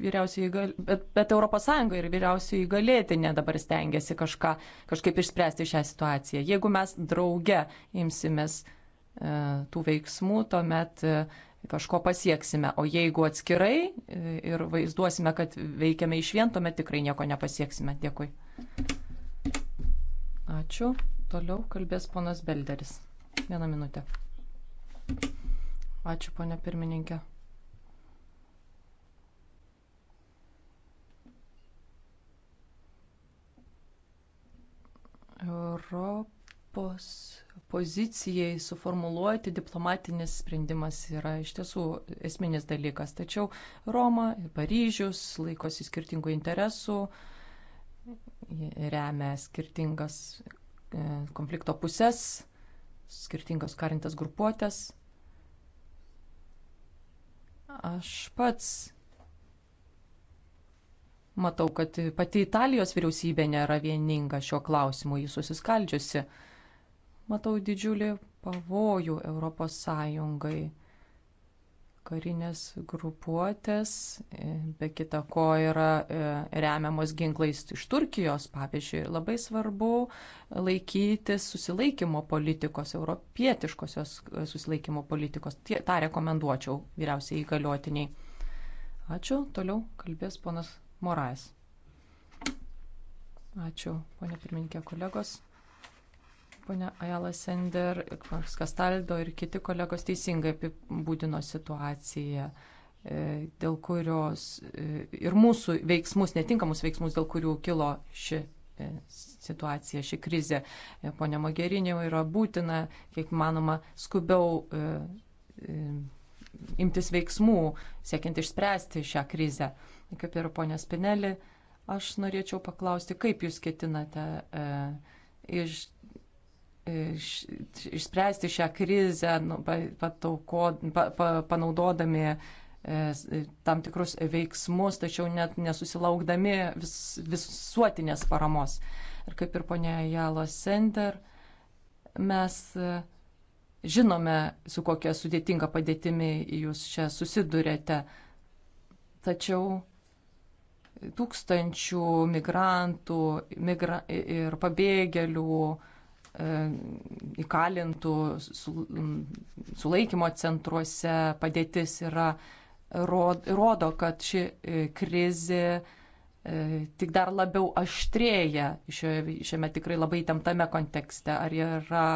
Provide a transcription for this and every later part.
vyriausiai, bet, bet ES ir vyriausiai įgalėtinė dabar stengiasi kažką, kažkaip išspręsti šią situaciją. Jeigu mes drauge imsimės e, tų veiksmų, tuomet e, kažko pasieksime, o jeigu atskirai e, ir vaizduosime, kad veikiame iš vien, tuomet tikrai nieko nepasieksime. Dėkui. Ačiū. Toliau kalbės ponas Belderis. Vieną minutę. Ačiū, ponė pirmininkė. Europos pozicijai suformuluoti diplomatinis sprendimas yra iš tiesų esminis dalykas. Tačiau Roma ir Paryžius laikosi skirtingų interesų, remia skirtingas e, konflikto pusės, skirtingas karintas grupuotės. Aš pats Matau, kad pati Italijos vyriausybė nėra vieninga šiuo klausimu, jis susiskaldžiusi. Matau didžiulį pavojų Europos Sąjungai. Karinės grupuotės, e, be kita ko, yra e, remiamos ginklais iš Turkijos, pavyzdžiui. Labai svarbu laikytis susilaikymo politikos, europietiškosios e, susilaikymo politikos. Tie, tą rekomenduočiau vyriausiai įgaliotiniai. Ačiū. Toliau kalbės ponas Morais. Ačiū, ponė pirmininkė, kolegos. Pone Ajala Sender, Kastaldo ir kiti kolegos teisingai apibūdino situaciją, e, dėl kurios e, ir mūsų veiksmus, netinkamus veiksmus, dėl kurių kilo ši e, situacija, ši krizė. Pone Mogerinė yra būtina, kiek manoma, skubiau imtis veiksmų, siekiant išspręsti šią krizę kaip ir ponė Spinelį, aš norėčiau paklausti, kaip jūs ketinate e, iš, e, iš, išspręsti šią krizę, nu, patauko, pa, pa, panaudodami e, tam tikrus veiksmus, tačiau net nesusilaukdami vis, visuotinės paramos. Ir kaip ir ponė Jalo Sender, mes e, žinome, su kokia sudėtinga padėtimi jūs čia susidurėte. Tačiau tūkstančių migrantų migra ir pabėgėlių e, įkalintų sulaikymo centruose padėtis yra, rodo, kad ši e, krizė e, tik dar labiau aštrėja šiame tikrai labai įtemptame kontekste. Ar yra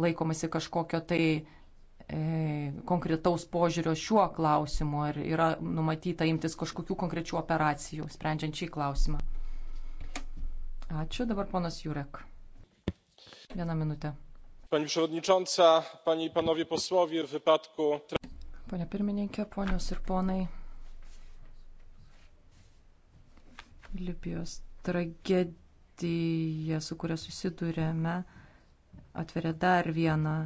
laikomasi kažkokio tai E, konkretaus požiūrio šiuo klausimu, ar yra numatyta imtis kažkokių konkrečių operacijų, sprendžiant šį klausimą. Ačiū, dabar ponas Jurek. Vieną minutę. Pani Przewodnicząca, Panie i Panowie Posłowie, w wypadku. Panie Pirmininkė, ponios ir ponai. Libijos tragedija, su kuria susidurėme, atveria dar vieną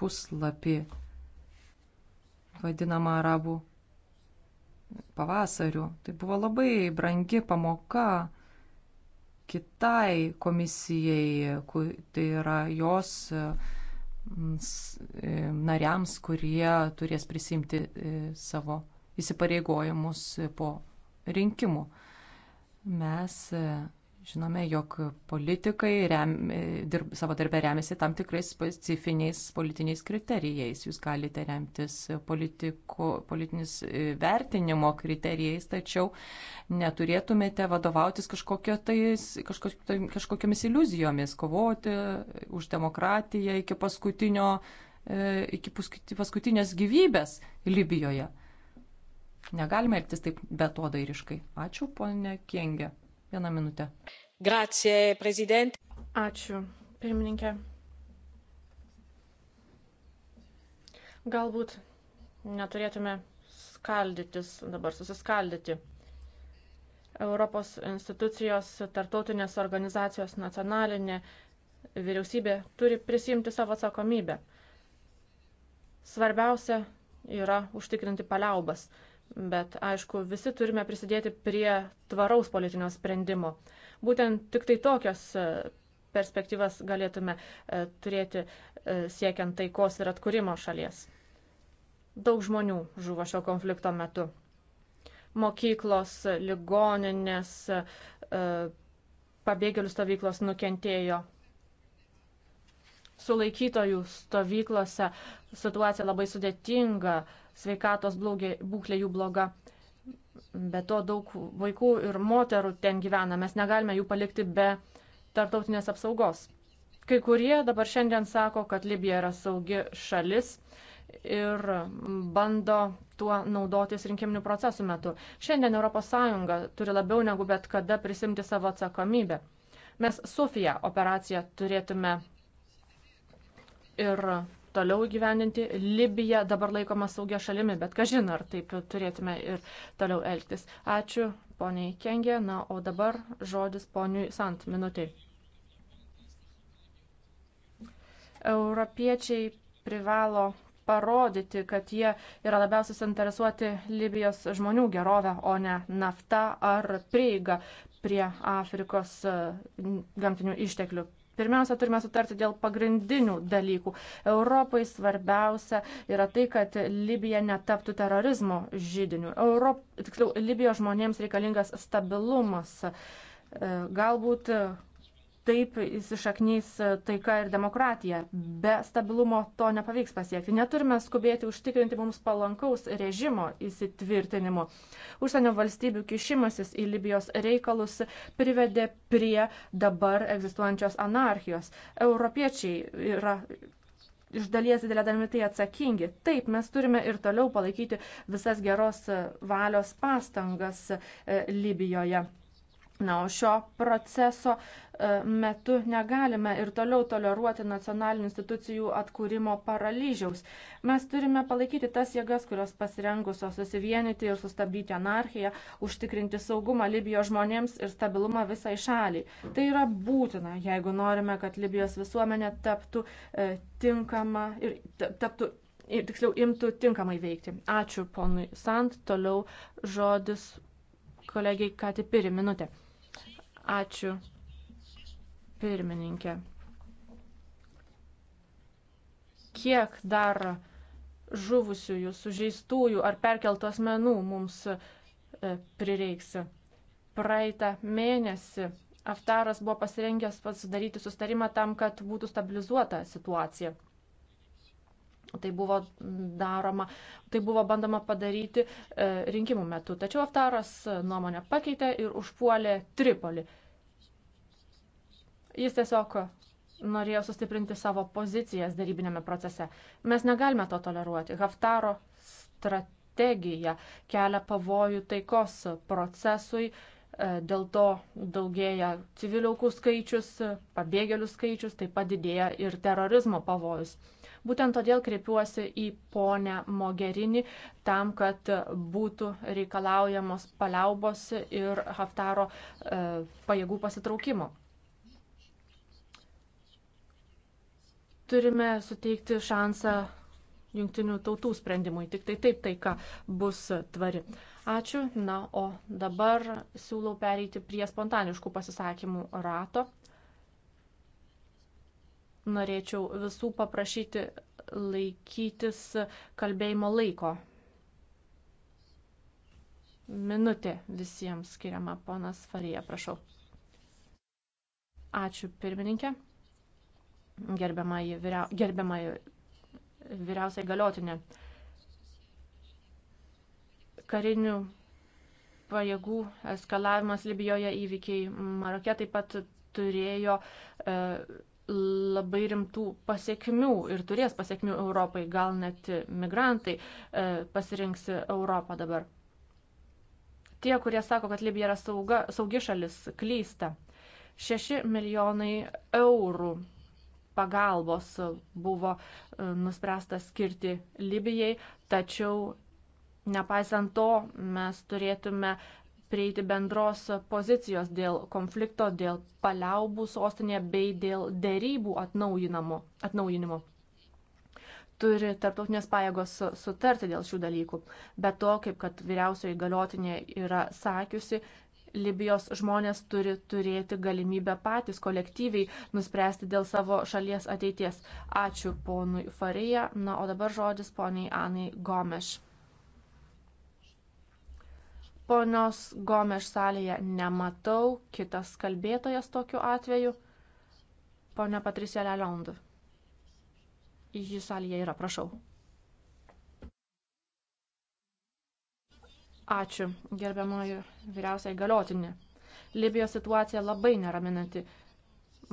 puslapį, vadinamą arabų pavasariu. Tai buvo labai brangi pamoka kitai komisijai, tai yra jos mm, e, nariams, kurie turės prisimti e, savo įsipareigojimus po rinkimų. Mes e, Žinome, jog politikai rem, dirb, savo darbę remiasi tam tikrais specifiniais politiniais kriterijais. Jūs galite remtis politiko, politinis e, vertinimo kriterijais, tačiau neturėtumėte vadovautis tais, kažko, tai, kažkokiamis iliuzijomis, kovoti e, už demokratiją iki, e, iki paskutinės gyvybės Libijoje. Negalime elgtis taip betodairiškai. Ačiū, ponė Kengė. Vieną minutę. Grazie, prezident. Ačiū, pirmininkė. Galbūt neturėtume skaldytis, dabar susiskaldyti. Europos institucijos, tartautinės organizacijos, nacionalinė vyriausybė turi prisimti savo atsakomybę. Svarbiausia yra užtikrinti paliaubas Bet aišku, visi turime prisidėti prie tvaraus politinio sprendimo. Būtent tik tai tokias e, perspektyvas galėtume e, turėti e, siekiant taikos ir atkūrimo šalies. Daug žmonių žuvo šio konflikto metu. Mokyklos, ligoninės, pabėgėlių stovyklos nukentėjo. Sulaikytojų stovyklose situacija labai sudėtinga, sveikatos blogė, būklė jų bloga. Be to daug vaikų ir moterų ten gyvena, mes negalime jų palikti be tarptautinės apsaugos. Kai kurie dabar šiandien sako, kad Libija yra saugi šalis ir bando tuo naudotis rinkiminių procesų metu. Šiandien ES turi labiau negu bet kada prisimti savo atsakomybę. Mes Sofiją operaciją turėtume ir toliau gyveninti. Libija dabar laikoma saugia šalimi, bet kažin ar taip turėtume ir toliau elgtis. Ačiū poniai Kengė, na, o dabar žodis poniui Sant minutiai. Europiečiai privalo parodyti, kad jie yra labiausiai suinteresuoti Libijos žmonių gerovę, o ne nafta ar prieiga prie Afrikos e, gamtinių išteklių. Pirmiausia, turime sutarti dėl pagrindinių dalykų. Europai svarbiausia yra tai, kad Libija netaptų terorizmo žydiniu. Europ, tiksliau, Libijos žmonėms reikalingas stabilumas. E, galbūt taip įsišaknys taika ir demokratija. Be stabilumo to nepavyks pasiekti. Neturime skubėti užtikrinti mums palankaus režimo įsitvirtinimo. Užsienio valstybių kišimasis į Libijos reikalus privedė prie dabar egzistuojančios anarchijos. Europiečiai yra. Iš dalies didelė dalimi tai atsakingi. Taip, mes turime ir toliau palaikyti visas geros valios pastangas e, Libijoje. Na, o šio proceso uh, E, metu negalime ir toliau toleruoti nacionalinių institucijų atkūrimo paralyžiaus. Mes turime palaikyti tas jėgas, kurios pasirengusios susivienyti ir sustabdyti anarchiją, užtikrinti saugumą Libijos žmonėms ir stabilumą visai šaliai. Tai yra būtina, jeigu norime, kad Libijos visuomenė taptų e, tinkama ir taptų. Ir tiksliau imtų tinkamai veikti. Ačiū ponui Sant. Toliau žodis kolegiai Kati Piri. Minutė. Ačiū pirmininkė. Kiek dar žuvusiųjų, sužeistųjų ar perkeltų asmenų mums e, prireiks? Praeitą mėnesį Aftaras buvo pasirengęs pats sudaryti sustarimą tam, kad būtų stabilizuota situacija. Tai buvo daroma, tai buvo bandoma padaryti e, rinkimų metu. Tačiau Aftaras e, nuomonę pakeitė ir užpuolė Tripolį. Jis tiesiog norėjo sustiprinti savo pozicijas darybinėme procese. Mes negalime to toleruoti. Haftaro strategija kelia pavojų taikos procesui, e, dėl to daugėja civiliaukų skaičius, pabėgėlių skaičius, taip pat didėja ir terorizmo pavojus. Būtent todėl kreipiuosi į ponę Mogerinį tam, kad būtų reikalaujamos paliaubos ir Haftaro e, pajėgų pasitraukimo. Turime suteikti šansą jungtinių tautų sprendimui. Tik tai taip taika bus tvari. Ačiū. Na, o dabar siūlau pereiti prie spontaniškų pasisakymų rato. Norėčiau visų paprašyti laikytis kalbėjimo laiko. Minutė visiems skiriama, ponas Farija, prašau. Ačiū, pirmininkė gerbiamai, vyria, gerbiamai vyriausiai galiotinė. Karinių pajėgų eskalavimas Libijoje įvykiai Marokė taip pat turėjo e, labai rimtų pasiekmių ir turės pasiekmių Europai, gal net migrantai e, pasirinks Europą dabar. Tie, kurie sako, kad Libija yra sauga, saugi šalis, klysta. 6 milijonai eurų pagalbos buvo e, nuspręsta skirti Libijai, tačiau nepaisant to mes turėtume prieiti bendros pozicijos dėl konflikto, dėl paliaubų sostinėje bei dėl dėrybų atnaujinimo. Turi tarptautinės pajėgos sutarti dėl šių dalykų. Be to, kaip kad vyriausioji galiotinė yra sakiusi, Libijos žmonės turi turėti galimybę patys kolektyviai nuspręsti dėl savo šalies ateities. Ačiū ponui Farija. Na, o dabar žodis poniai Anai Gomeš. Ponios Gomeš salėje nematau, kitas kalbėtojas tokiu atveju. Pone Patricija Leliondu. Ji salėje yra, prašau. Ačiū, gerbiamoji vyriausiai galiotinė. Libijos situacija labai neraminanti.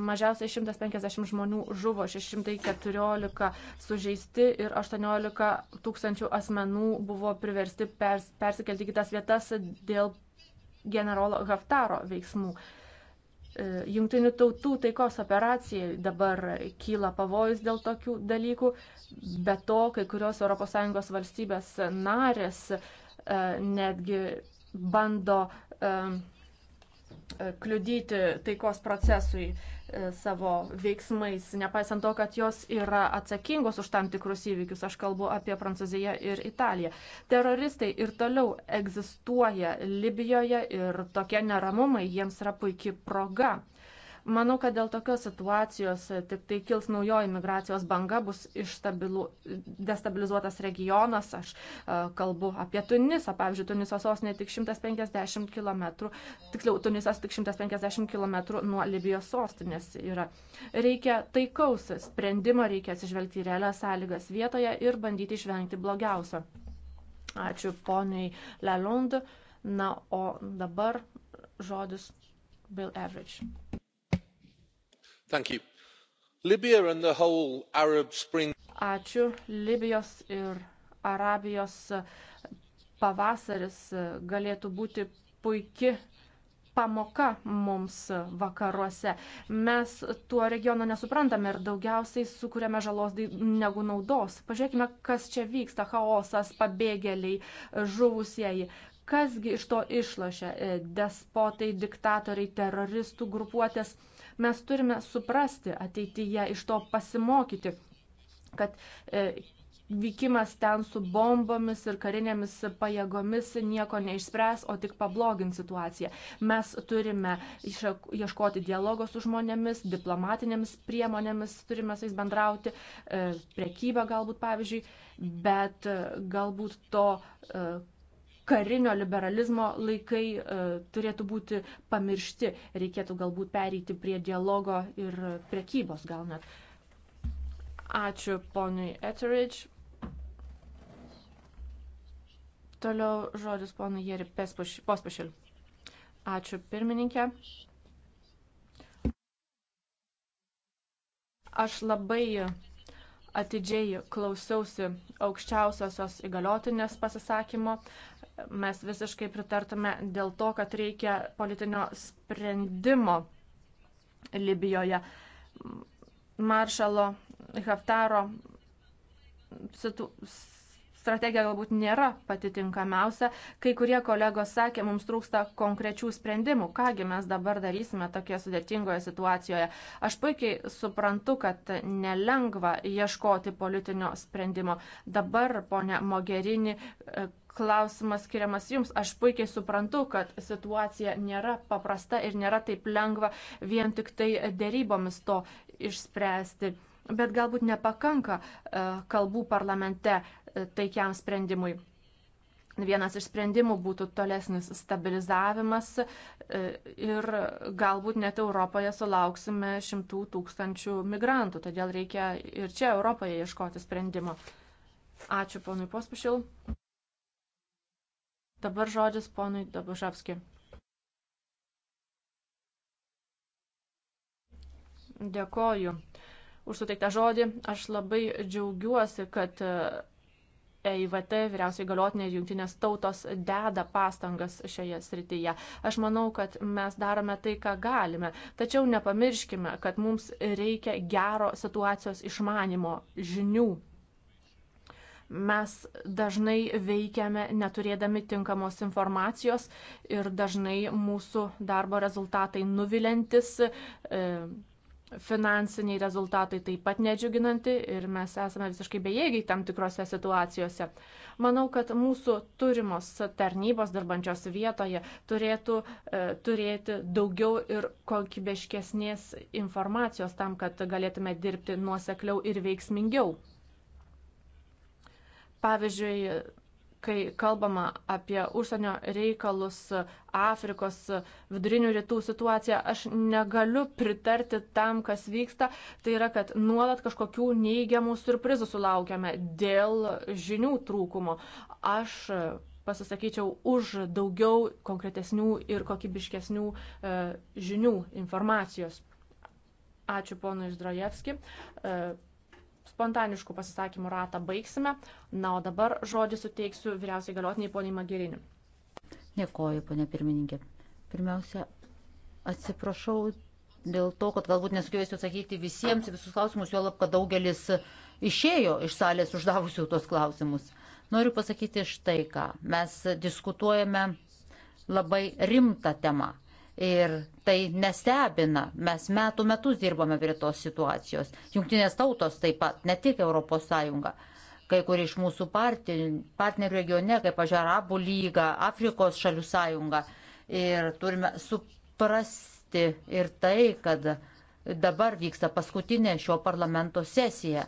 Mažiausiai 150 žmonių žuvo, 614 sužeisti ir 18 tūkstančių asmenų buvo priversti pers, persikelti kitas vietas dėl generolo Haftaro veiksmų. E, Jungtinių tautų taikos operacijai dabar kyla pavojus dėl tokių dalykų, bet to kai kurios ES valstybės narės E, netgi bando e, e, kliudyti taikos procesui savo veiksmais, nepaisant to, kad jos yra atsakingos už tam tikrus įvykius. Aš kalbu apie Prancūziją ir Italiją. Teroristai ir toliau egzistuoja Libijoje ir tokie neramumai jiems yra puikia proga. Manau, kad dėl tokios situacijos e, tik tai kils naujoji migracijos banga, bus išstabilu, destabilizuotas regionas. Aš a, e, kalbu apie Tunisą. Pavyzdžiui, Tuniso sostinė tik 150 km, tiksliau, Tunisas tik 150 km nuo Libijos sostinės yra. Reikia taikaus sprendimo, reikia atsižvelgti į realias sąlygas vietoje ir bandyti išvengti blogiausio. Ačiū poniai Lelund. Na, o dabar žodis Bill Average. Ačiū. Libijos ir Arabijos pavasaris galėtų būti puikia pamoka mums vakaruose. Mes tuo regionu nesuprantame ir daugiausiai sukūrėme žalos negu naudos. Pažiūrėkime, kas čia vyksta - chaosas, pabėgėliai, žuvusieji. Kasgi iš to išlošia e, - despotai, diktatoriai, teroristų grupuotės. Mes turime suprasti ateityje, iš to pasimokyti, kad e, vykimas ten su bombomis ir karinėmis pajėgomis nieko neišspręs, o tik pablogins situaciją. Mes turime ieškoti dialogo su žmonėmis, diplomatinėmis priemonėmis turime su jais bendrauti, e, priekybą galbūt pavyzdžiui, bet e, galbūt to karinio liberalizmo laikai e, turėtų būti pamiršti. Reikėtų galbūt pereiti prie dialogo ir prekybos gal net. Ačiū ponui Etheridge. Toliau žodis ponui Jeri Pospašil. Ačiū pirmininkė. Aš labai atidžiai klausiausi aukščiausiosios įgaliotinės pasisakymo. Mes visiškai pritartume dėl to, kad reikia politinio sprendimo Libijoje. Maršalo Haftaro situ strategija galbūt nėra pati tinkamiausia. Kai kurie kolegos sakė, mums trūksta konkrečių sprendimų. Kągi mes dabar darysime tokioje sudėtingoje situacijoje. Aš puikiai suprantu, kad nelengva ieškoti politinio sprendimo. Dabar, ponia Mogerini, klausimas skiriamas jums. Aš puikiai suprantu, kad situacija nėra paprasta ir nėra taip lengva vien tik tai dėrybomis to išspręsti. Bet galbūt nepakanka e, kalbų parlamente e, taikiam sprendimui. Vienas iš sprendimų būtų tolesnis stabilizavimas e, ir galbūt net Europoje sulauksime šimtų tūkstančių migrantų, todėl reikia ir čia Europoje ieškoti sprendimo. Ačiū ponui Pospušil. Dabar žodis ponui Dabušapskiui. Dėkoju už suteiktą žodį. Aš labai džiaugiuosi, kad EIVT e vyriausiai galiotinė jungtinės tautos deda pastangas šioje srityje. Aš manau, kad mes darome tai, ką galime. Tačiau nepamirškime, kad mums reikia gero situacijos išmanimo žinių Mes dažnai veikiame neturėdami tinkamos informacijos ir dažnai mūsų darbo rezultatai nuvilintis. E, finansiniai rezultatai taip pat nedžiuginanti ir mes esame visiškai bejėgiai tam tikrose situacijose. Manau, kad mūsų turimos tarnybos darbančios vietoje turėtų e, turėti daugiau ir kokybiškesnės informacijos tam, kad galėtume dirbti nuosekliau ir veiksmingiau. Pavyzdžiui, kai kalbama apie užsienio reikalus, Afrikos, vidurinių rytų situaciją, aš negaliu pritarti tam, kas vyksta. Tai yra, kad nuolat kažkokių neigiamų surprizų sulaukiame dėl žinių trūkumo. Aš pasisakyčiau už daugiau konkretesnių ir kokybiškesnių e, žinių informacijos. Ačiū ponui Zdrojevski. E, spontaniškų pasisakymų ratą baigsime. Na, o dabar žodį suteiksiu vyriausiai galiotiniai poniai Magiriniu. Dėkoju, ponė pirmininkė. Pirmiausia, atsiprašau dėl to, kad galbūt nesugebėsiu atsakyti visiems visus klausimus, jo lab, kad daugelis išėjo iš salės uždavusių tuos klausimus. Noriu pasakyti štai ką. Mes diskutuojame labai rimtą temą Ir tai nestebina. Mes metų metus dirbame prie tos situacijos. Junktinės tautos taip pat, ne tik ES. Kai kur iš mūsų partnerių regione, kaip Pažarabų lyga, Afrikos šalių sąjunga. Ir turime suprasti ir tai, kad dabar vyksta paskutinė šio parlamento sesija.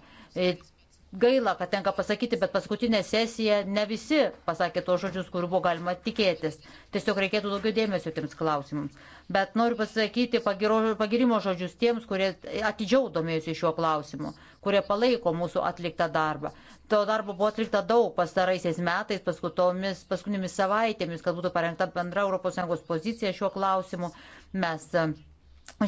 Gaila, kad tenka pasakyti, bet paskutinė sesija ne visi pasakė tos žodžius, kurių buvo galima tikėtis. Tiesiog reikėtų daugiau dėmesio tiems klausimams. Bet noriu pasakyti pagirimo žodžius tiems, kurie atidžiau domėjusi šiuo klausimu, kurie palaiko mūsų atliktą darbą. To darbo buvo atlikta daug pastaraisiais metais, paskutinėmis savaitėmis, kad būtų parengta bendra ES pozicija šiuo klausimu. Mes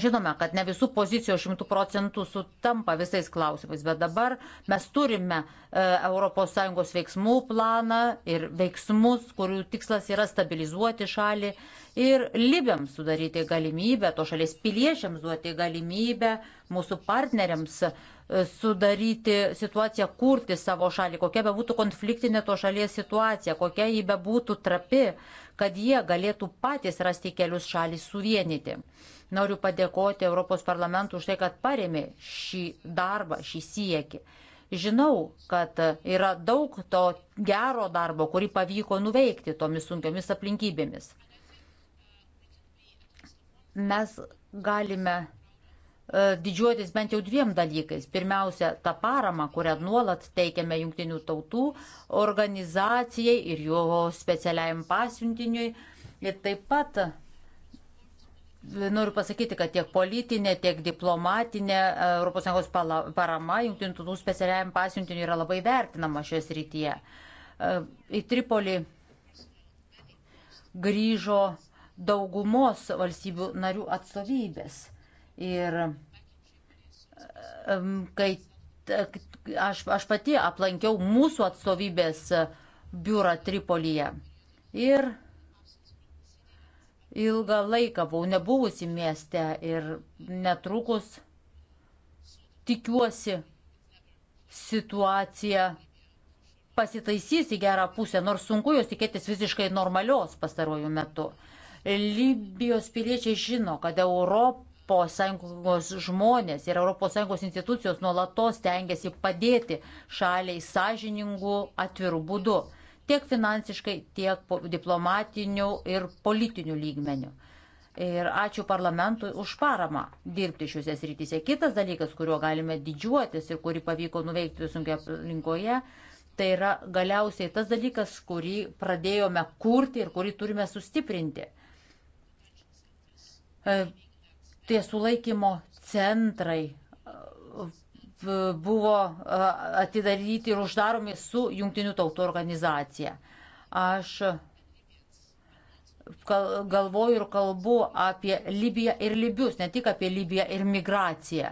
Žinome, kad ne visų pozicijų šimtų procentų sutampa visais klausimais, bet dabar mes turime ES veiksmų planą ir veiksmus, kurių tikslas yra stabilizuoti šalį ir Libiams sudaryti galimybę, to šalies piliečiams duoti galimybę, mūsų partneriams sudaryti situaciją, kurti savo šalį, kokia be būtų konfliktinė to šalies situacija, kokia jį be būtų trapi, kad jie galėtų patys rasti kelius šalį suvienyti. Noriu padėkoti Europos parlamentui už tai, kad paremė šį darbą, šį siekį. Žinau, kad yra daug to gero darbo, kurį pavyko nuveikti tomis sunkiomis aplinkybėmis. Mes galime E, didžiuotis bent jau dviem dalykais. Pirmiausia, tą paramą, kurią nuolat teikiame jungtinių tautų organizacijai ir jo specialiajam pasiuntiniui. Ir taip pat e, noriu pasakyti, kad tiek politinė, tiek diplomatinė e, ES parama jungtinių tautų specialiajam pasiuntiniui yra labai vertinama šioje srityje. Į Tripolį grįžo daugumos valstybių narių atstovybės Ir kai aš, aš pati aplankiau mūsų atstovybės biurą Tripolyje ir ilgą laiką buvau nebuvusi mieste ir netrukus tikiuosi situacija pasitaisys į gerą pusę, nors sunku jos tikėtis visiškai normalios pastaruoju metu. Libijos piliečiai žino, kad Europa ES žmonės ir ES institucijos nuolatos tengiasi padėti šaliai sąžiningų, atvirų būdų tiek finansiškai, tiek diplomatinių ir politinių lygmenių. Ir ačiū parlamentui už paramą dirbti šiuose srityse. Kitas dalykas, kuriuo galime didžiuotis ir kurį pavyko nuveikti sunkioje aplinkoje, tai yra galiausiai tas dalykas, kurį pradėjome kurti ir kurį turime sustiprinti. E, tie sulaikymo centrai buvo atidaryti ir uždaromi su Junktinių tautų organizacija. Aš galvoju ir kalbu apie Libiją ir Libius, ne tik apie Libiją ir migraciją.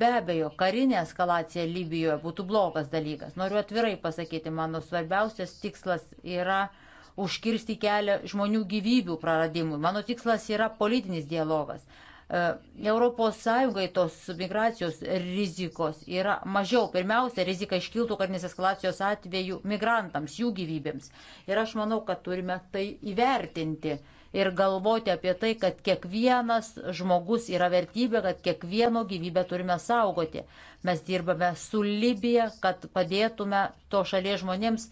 Be abejo, karinė eskalacija Libijoje būtų blogas dalykas. Noriu atvirai pasakyti, mano svarbiausias tikslas yra užkirsti kelią žmonių gyvybių praradimui. Mano tikslas yra politinis dialogas. ES tos migracijos rizikos yra mažiau. Pirmiausia, rizika iškiltų karinės eskalacijos atveju migrantams, jų gyvybėms. Ir aš manau, kad turime tai įvertinti ir galvoti apie tai, kad kiekvienas žmogus yra vertybė, kad kiekvieno gyvybę turime saugoti. Mes dirbame su Libija, kad padėtume to šalies žmonėms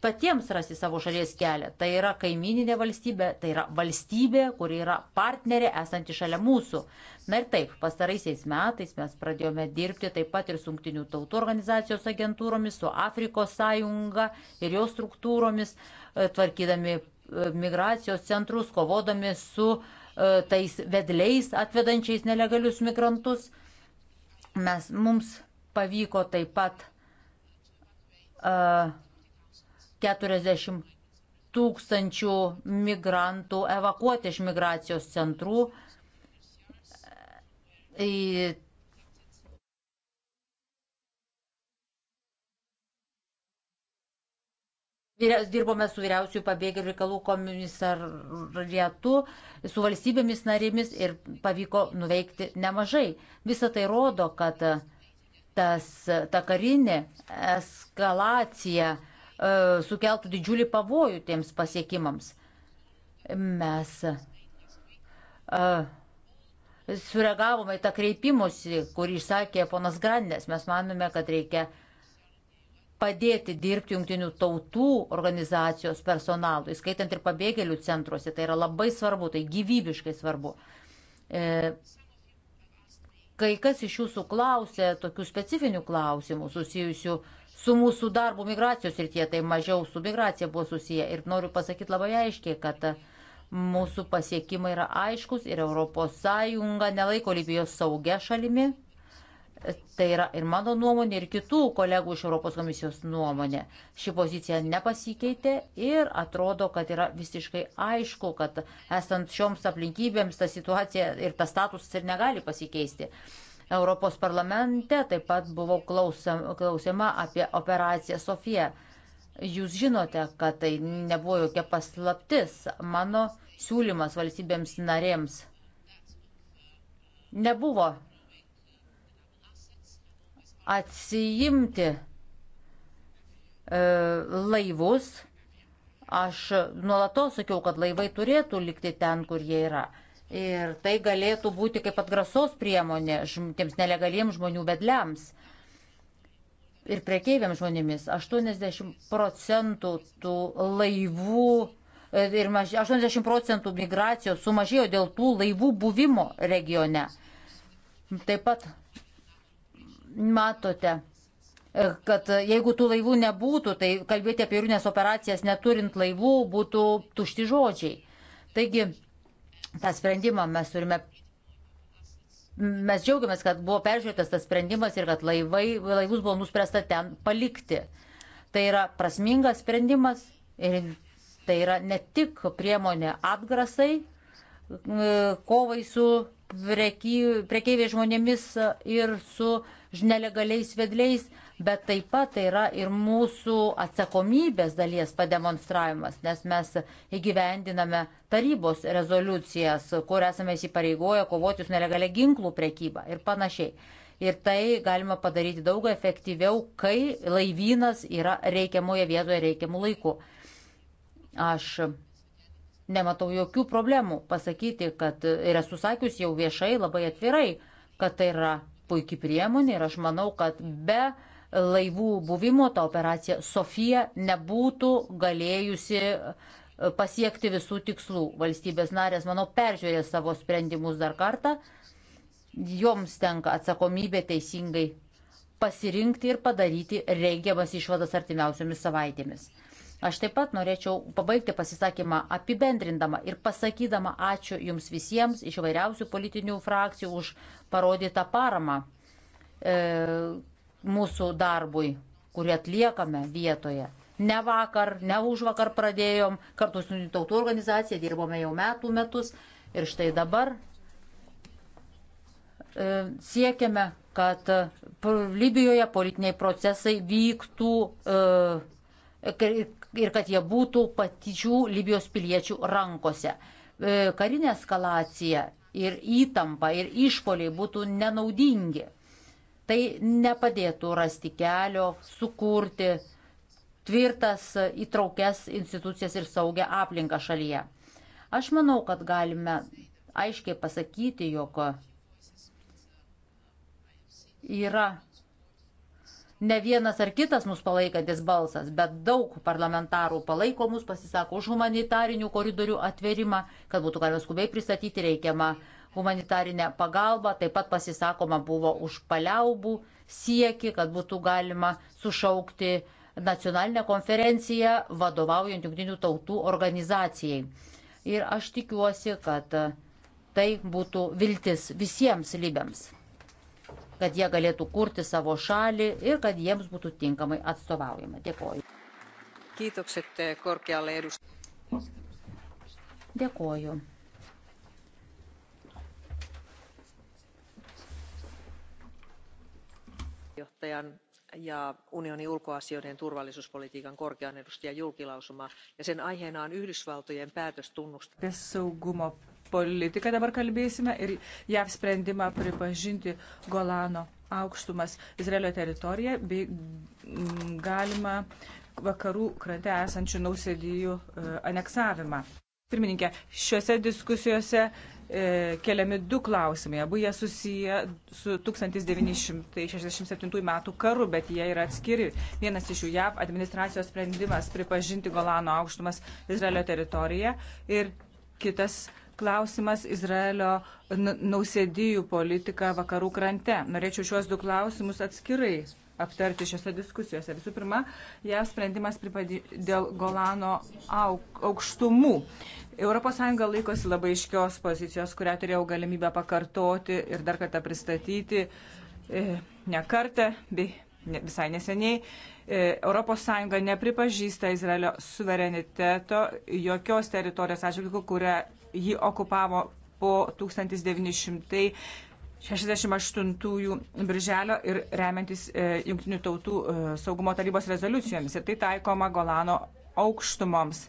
patiems rasti savo šalies kelią. Tai yra kaimininė valstybė, tai yra valstybė, kuri yra partnerė esanti šalia mūsų. Na ir taip, pastaraisiais metais mes pradėjome dirbti taip pat ir su Junktinių tautų organizacijos agentūromis, su Afrikos sąjunga ir jos struktūromis, e, tvarkydami e, migracijos centrus, kovodami su e, tais vedliais atvedančiais nelegalius migrantus. Mes, mums pavyko taip pat uh, 40 tūkstančių migrantų evakuoti iš migracijos centrų. Dirbome su vyriausiųjų pabėgėlių reikalų komisariatu, su valstybėmis narėmis ir pavyko nuveikti nemažai. Visą tai rodo, kad tas, ta karinė eskalacija E, sukeltų didžiulį pavojų tiems pasiekimams. Mes e, sureagavome į tą kreipimusi, kurį išsakė ponas Grandės. Mes manome, kad reikia padėti dirbti jungtinių tautų organizacijos personalui, skaitant ir pabėgėlių centruose. Tai yra labai svarbu, tai gyvybiškai svarbu. E, kai kas iš jūsų klausė tokių specifinių klausimų susijusių su mūsų darbu migracijos rytyje, tai mažiau su migracija buvo susiję. Ir noriu pasakyti labai aiškiai, kad mūsų pasiekimai yra aiškus ir ES nelaiko Libijos saugia šalimi. Tai yra ir mano nuomonė, ir kitų kolegų iš Europos komisijos nuomonė. Ši pozicija nepasikeitė ir atrodo, kad yra visiškai aišku, kad esant šioms aplinkybėms ta situacija ir tas statusas ir negali pasikeisti. Uh, Europos parlamente taip pat buvau klausima apie operaciją Sofija. Jūs žinote, kad tai nebuvo jokia paslaptis. Mano siūlymas valstybėms narėms nebuvo atsijimti e, laivus. Aš nuolatos sakiau, kad laivai turėtų likti ten, kur jie yra. Ir tai galėtų būti kaip atgrasos priemonė tiems nelegaliems žmonių bedliams ir prekeiviams žmonėmis. 80 procentų tų laivų e, ir 80 procentų migracijos sumažėjo dėl tų laivų buvimo regione. Taip pat matote, e, kad jeigu tų laivų nebūtų, tai kalbėti apie jūrinės operacijas neturint laivų būtų tušti žodžiai. Taigi tą sprendimą mes turime. Mes džiaugiamės, kad buvo peržiūrėtas tas sprendimas ir kad laivai, laivus buvo nuspręsta ten palikti. Tai yra prasmingas sprendimas ir tai yra ne tik priemonė atgrasai e, kovai su prekeiviai žmonėmis ir su nelegaliais vedliais, bet taip pat tai yra ir mūsų atsakomybės dalies pademonstravimas, nes mes įgyvendiname tarybos rezoliucijas, kur esame įsipareigoję kovoti su nelegalia ginklų prekyba ir panašiai. Ir tai galima padaryti daug efektyviau, kai laivynas yra reikiamoje vietoje reikiamų laikų. Aš nematau jokių problemų pasakyti, kad ir esu sakius jau viešai labai atvirai, kad tai yra puikiai priemonė ir aš manau, kad be laivų buvimo ta operacija Sofija nebūtų galėjusi e, pasiekti visų tikslų. Valstybės narės, manau, peržiūrė savo sprendimus dar kartą. Joms tenka atsakomybė teisingai pasirinkti ir padaryti reikiamas išvadas artimiausiomis savaitėmis. Aš taip pat norėčiau pabaigti pasisakymą apibendrindama ir pasakydama ačiū Jums visiems iš vairiausių politinių frakcijų už parodytą paramą. E, mūsų darbui, kurį atliekame vietoje. Ne vakar, ne už vakar pradėjom, kartu su tautų organizacija dirbome jau metų metus ir štai dabar e, siekiame, kad e, Libijoje politiniai procesai vyktų e, ir kad jie būtų patyčių Libijos piliečių rankose. Karinė eskalacija ir įtampa ir išpoliai būtų nenaudingi. Tai nepadėtų rasti kelio, sukurti tvirtas, įtraukęs institucijas ir saugią aplinką šalyje. Aš manau, kad galime aiškiai pasakyti, jog yra ne vienas ar kitas mus palaikantis balsas, bet daug parlamentarų palaiko mus, pasisako už humanitarinių koridorių atverimą, kad būtų galima skubiai pristatyti reikiamą humanitarinę pagalbą, taip pat pasisakoma buvo už paliaubų sieki, kad būtų galima sušaukti nacionalinę konferenciją vadovaujant Junktinių tautų organizacijai. Ir aš tikiuosi, kad tai būtų viltis visiems libiams, kad jie galėtų kurti savo šalį ir kad jiems būtų tinkamai atstovaujama. Dėkoju. Kiitokset eh, korkealle edustajalle. Dėkoju. puheenjohtajan ja unionin ulkoasioiden ja turvallisuuspolitiikan korkean edustajan julkilausuma ja sen aiheena on Yhdysvaltojen päätös tunnustaa. Apie saugumo politiką dabar kalbėsime ir JAV sprendimą pripažinti Golano aukštumas Izraelio teritoriją bei mm, galima vakarų krante esančių nausėdijų e, aneksavimą. Pirmininkė, šiuose diskusijose E, keliami du klausimai. Abu jie susiję su 1967 metų karu, bet jie yra atskiri. Vienas iš jų JAV administracijos sprendimas pripažinti Golano aukštumas Izraelio teritoriją ir kitas klausimas Izraelio nausėdijų politika vakarų krante. Norėčiau šiuos du klausimus atskirai aptarti šiose diskusijose. Visų pirma, ją sprendimas pripadė dėl Golano aukštumų. ES laikosi labai iškios pozicijos, kurią turėjau galimybę pakartoti ir dar kartą pristatyti e, ne kartą, bei visai neseniai. ES nepripažįsta Izraelio suvereniteto jokios teritorijos atžvilgių, kurią jį okupavo po 1948 68-ųjų birželio ir remiantis e, Junktinių tautų e, saugumo tarybos rezoliucijomis. Ir tai taikoma Golano aukštumoms.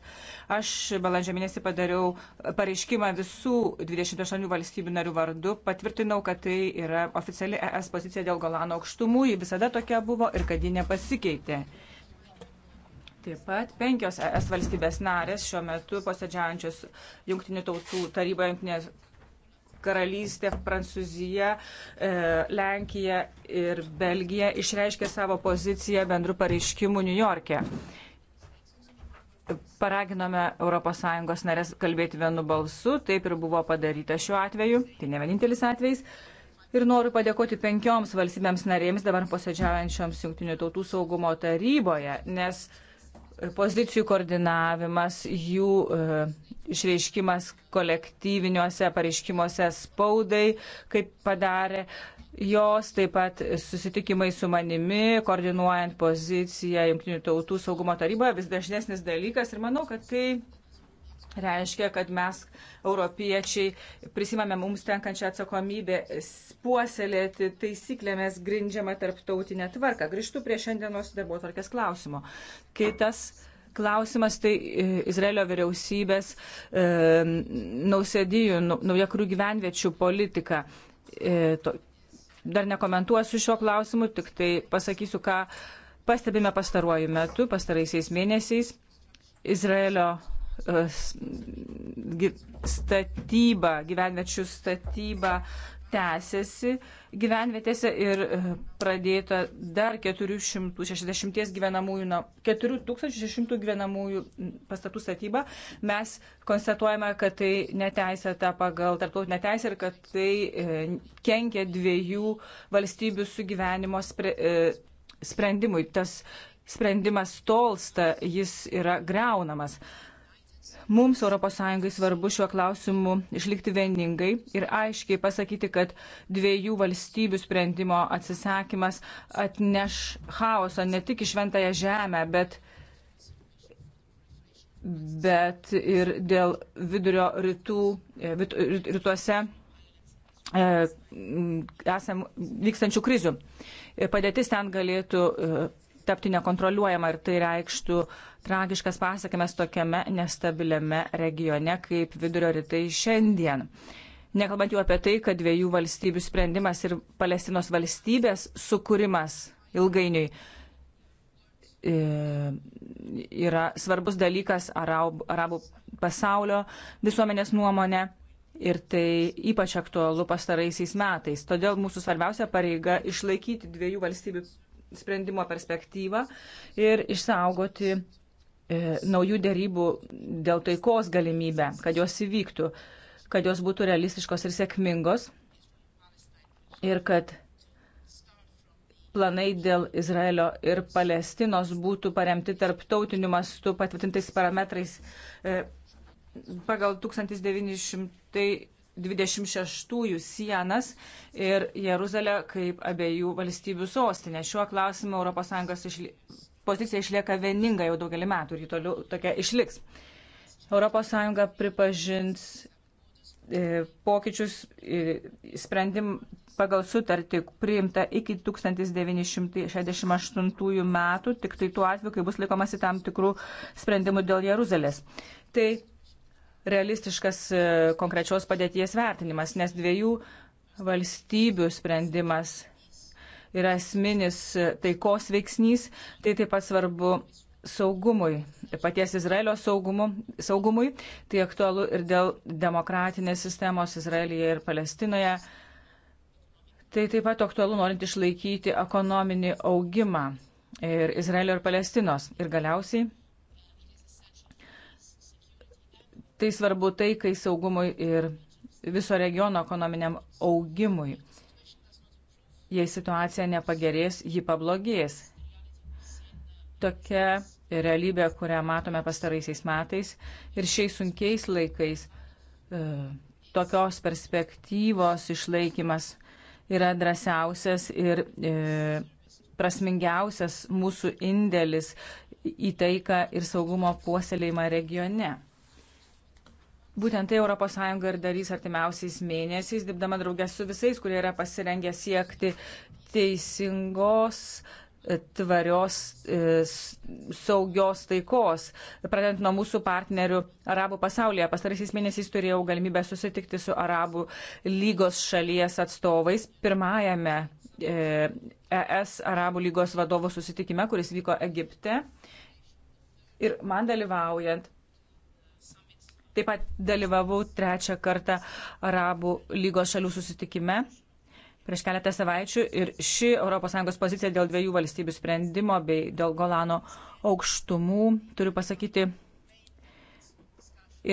Aš balandžio mėnesį padariau pareiškimą visų 28 valstybių narių vardu, patvirtinau, kad tai yra oficiali ES pozicija dėl Golano aukštumų, ji visada tokia buvo ir kad ji nepasikeitė. Taip pat penkios ES valstybės narės šiuo metu posėdžiaujančios Junktinių tautų taryboje, Junktinės karalystė, Prancūzija, e, Lenkija ir Belgija išreiškė savo poziciją bendrų pareiškimų New York'e. Paraginome ES narės kalbėti vienu balsu, taip ir buvo padaryta šiuo atveju, tai ne vienintelis atvejis. Ir noriu padėkoti penkioms valstybėms narėms dabar posėdžiaujančioms Junktinių tautų saugumo taryboje, nes uh, pozicijų koordinavimas, jų e, išreiškimas kolektyviniuose pareiškimuose spaudai, kaip padarė jos, taip pat susitikimai su manimi, koordinuojant poziciją Junktinių tautų saugumo taryboje vis dažnesnis dalykas ir manau, kad tai reiškia, kad mes, europiečiai, prisimame mums tenkančią atsakomybę puoselėti taisyklėmis grindžiamą tarptautinę tvarką. Grįžtu prie šiandienos darbo tvarkės klausimo. Kitas klausimas tai e, Izraelio vyriausybės e, nausėdijų, naujakurių gyvenviečių politika. E, to, dar nekomentuosiu šio klausimu, tik tai pasakysiu, ką pastebime pastaruoju metu, pastaraisiais mėnesiais. Izraelio e, statyba, gyvenviečių statyba tęsiasi gyvenvietėse ir e, pradėta dar 460 gyvenamųjų, 4600 gyvenamųjų pastatų statyba. Mes konstatuojame, kad tai neteisėta pagal tarptautinę teisę ir kad tai e, kenkia dviejų valstybių sugyvenimo spre, e, sprendimui. Tas sprendimas tolsta, jis yra greunamas. Mums ES svarbu šiuo klausimu išlikti vieningai ir aiškiai pasakyti, kad dviejų valstybių sprendimo atsisakymas atneš chaosą ne tik į šventąją žemę, bet, bet ir dėl vidurio rytų, e, rytuose e, esam vykstančių krizių. E, padėtis ten galėtų tapti nekontroliuojama ir tai reikštų tragiškas pasiekmes tokiame nestabiliame regione kaip vidurio rytai šiandien. Nekalbant jau apie tai, kad dviejų valstybių sprendimas ir Palestinos valstybės sukūrimas ilgainiui e, yra svarbus dalykas arab, arabų pasaulio visuomenės nuomonė ir tai ypač aktualu pastaraisiais metais. Todėl mūsų svarbiausia pareiga išlaikyti dviejų valstybių sprendimo perspektyvą ir išsaugoti E, naujų dėrybų dėl taikos galimybę, kad jos įvyktų, kad jos būtų realistiškos ir sėkmingos ir kad planai dėl Izraelio ir Palestinos būtų paremti tarptautiniu mastu patvirtintais parametrais e, pagal 1926 sienas ir Jeruzalę kaip abiejų valstybių sostinę. Šiuo klausimu ES pozicija išlieka vieninga jau daugelį metų ir ji toliau tokia išliks. ES pripažins e, pokyčius e, sprendim pagal sutartį priimta iki 1968 metų, tik tai tuo atveju, kai bus laikomasi tam tikrų sprendimų dėl Jeruzalės. Tai realistiškas e, konkrečios padėties vertinimas, nes dviejų valstybių sprendimas yra esminis taikos veiksnys, tai taip pat svarbu saugumui, paties Izraelio saugumu, saugumui, tai aktualu ir dėl demokratinės sistemos Izraelyje ir Palestinoje. Tai taip pat aktualu norint išlaikyti ekonominį augimą ir Izraelio ir Palestinos. Ir galiausiai tai svarbu tai, kai saugumui ir viso regiono ekonominiam augimui jei situacija nepagerės, ji pablogės. Tokia realybė, kurią matome pastaraisiais metais ir šiais sunkiais laikais, e, tokios perspektyvos išlaikimas yra drąsiausias ir e, prasmingiausias mūsų indėlis į taiką ir saugumo puoselėjimą regione. Būtent tai ES ir darys artimiausiais mėnesiais, dirbdama draugę su visais, kurie yra pasirengę siekti teisingos tvarios, e, saugios taikos. Pradedant nuo mūsų partnerių Arabų pasaulyje, pastaraisiais mėnesiais turėjau galimybę susitikti su Arabų lygos šalies atstovais pirmajame ES e Arabų lygos vadovų susitikime, kuris vyko Egipte. Ir man dalyvaujant Taip pat dalyvavau trečią kartą Arabų lygos šalių susitikime prieš keletą savaičių ir ši ES pozicija dėl dviejų valstybių sprendimo bei dėl Golano aukštumų, turiu pasakyti,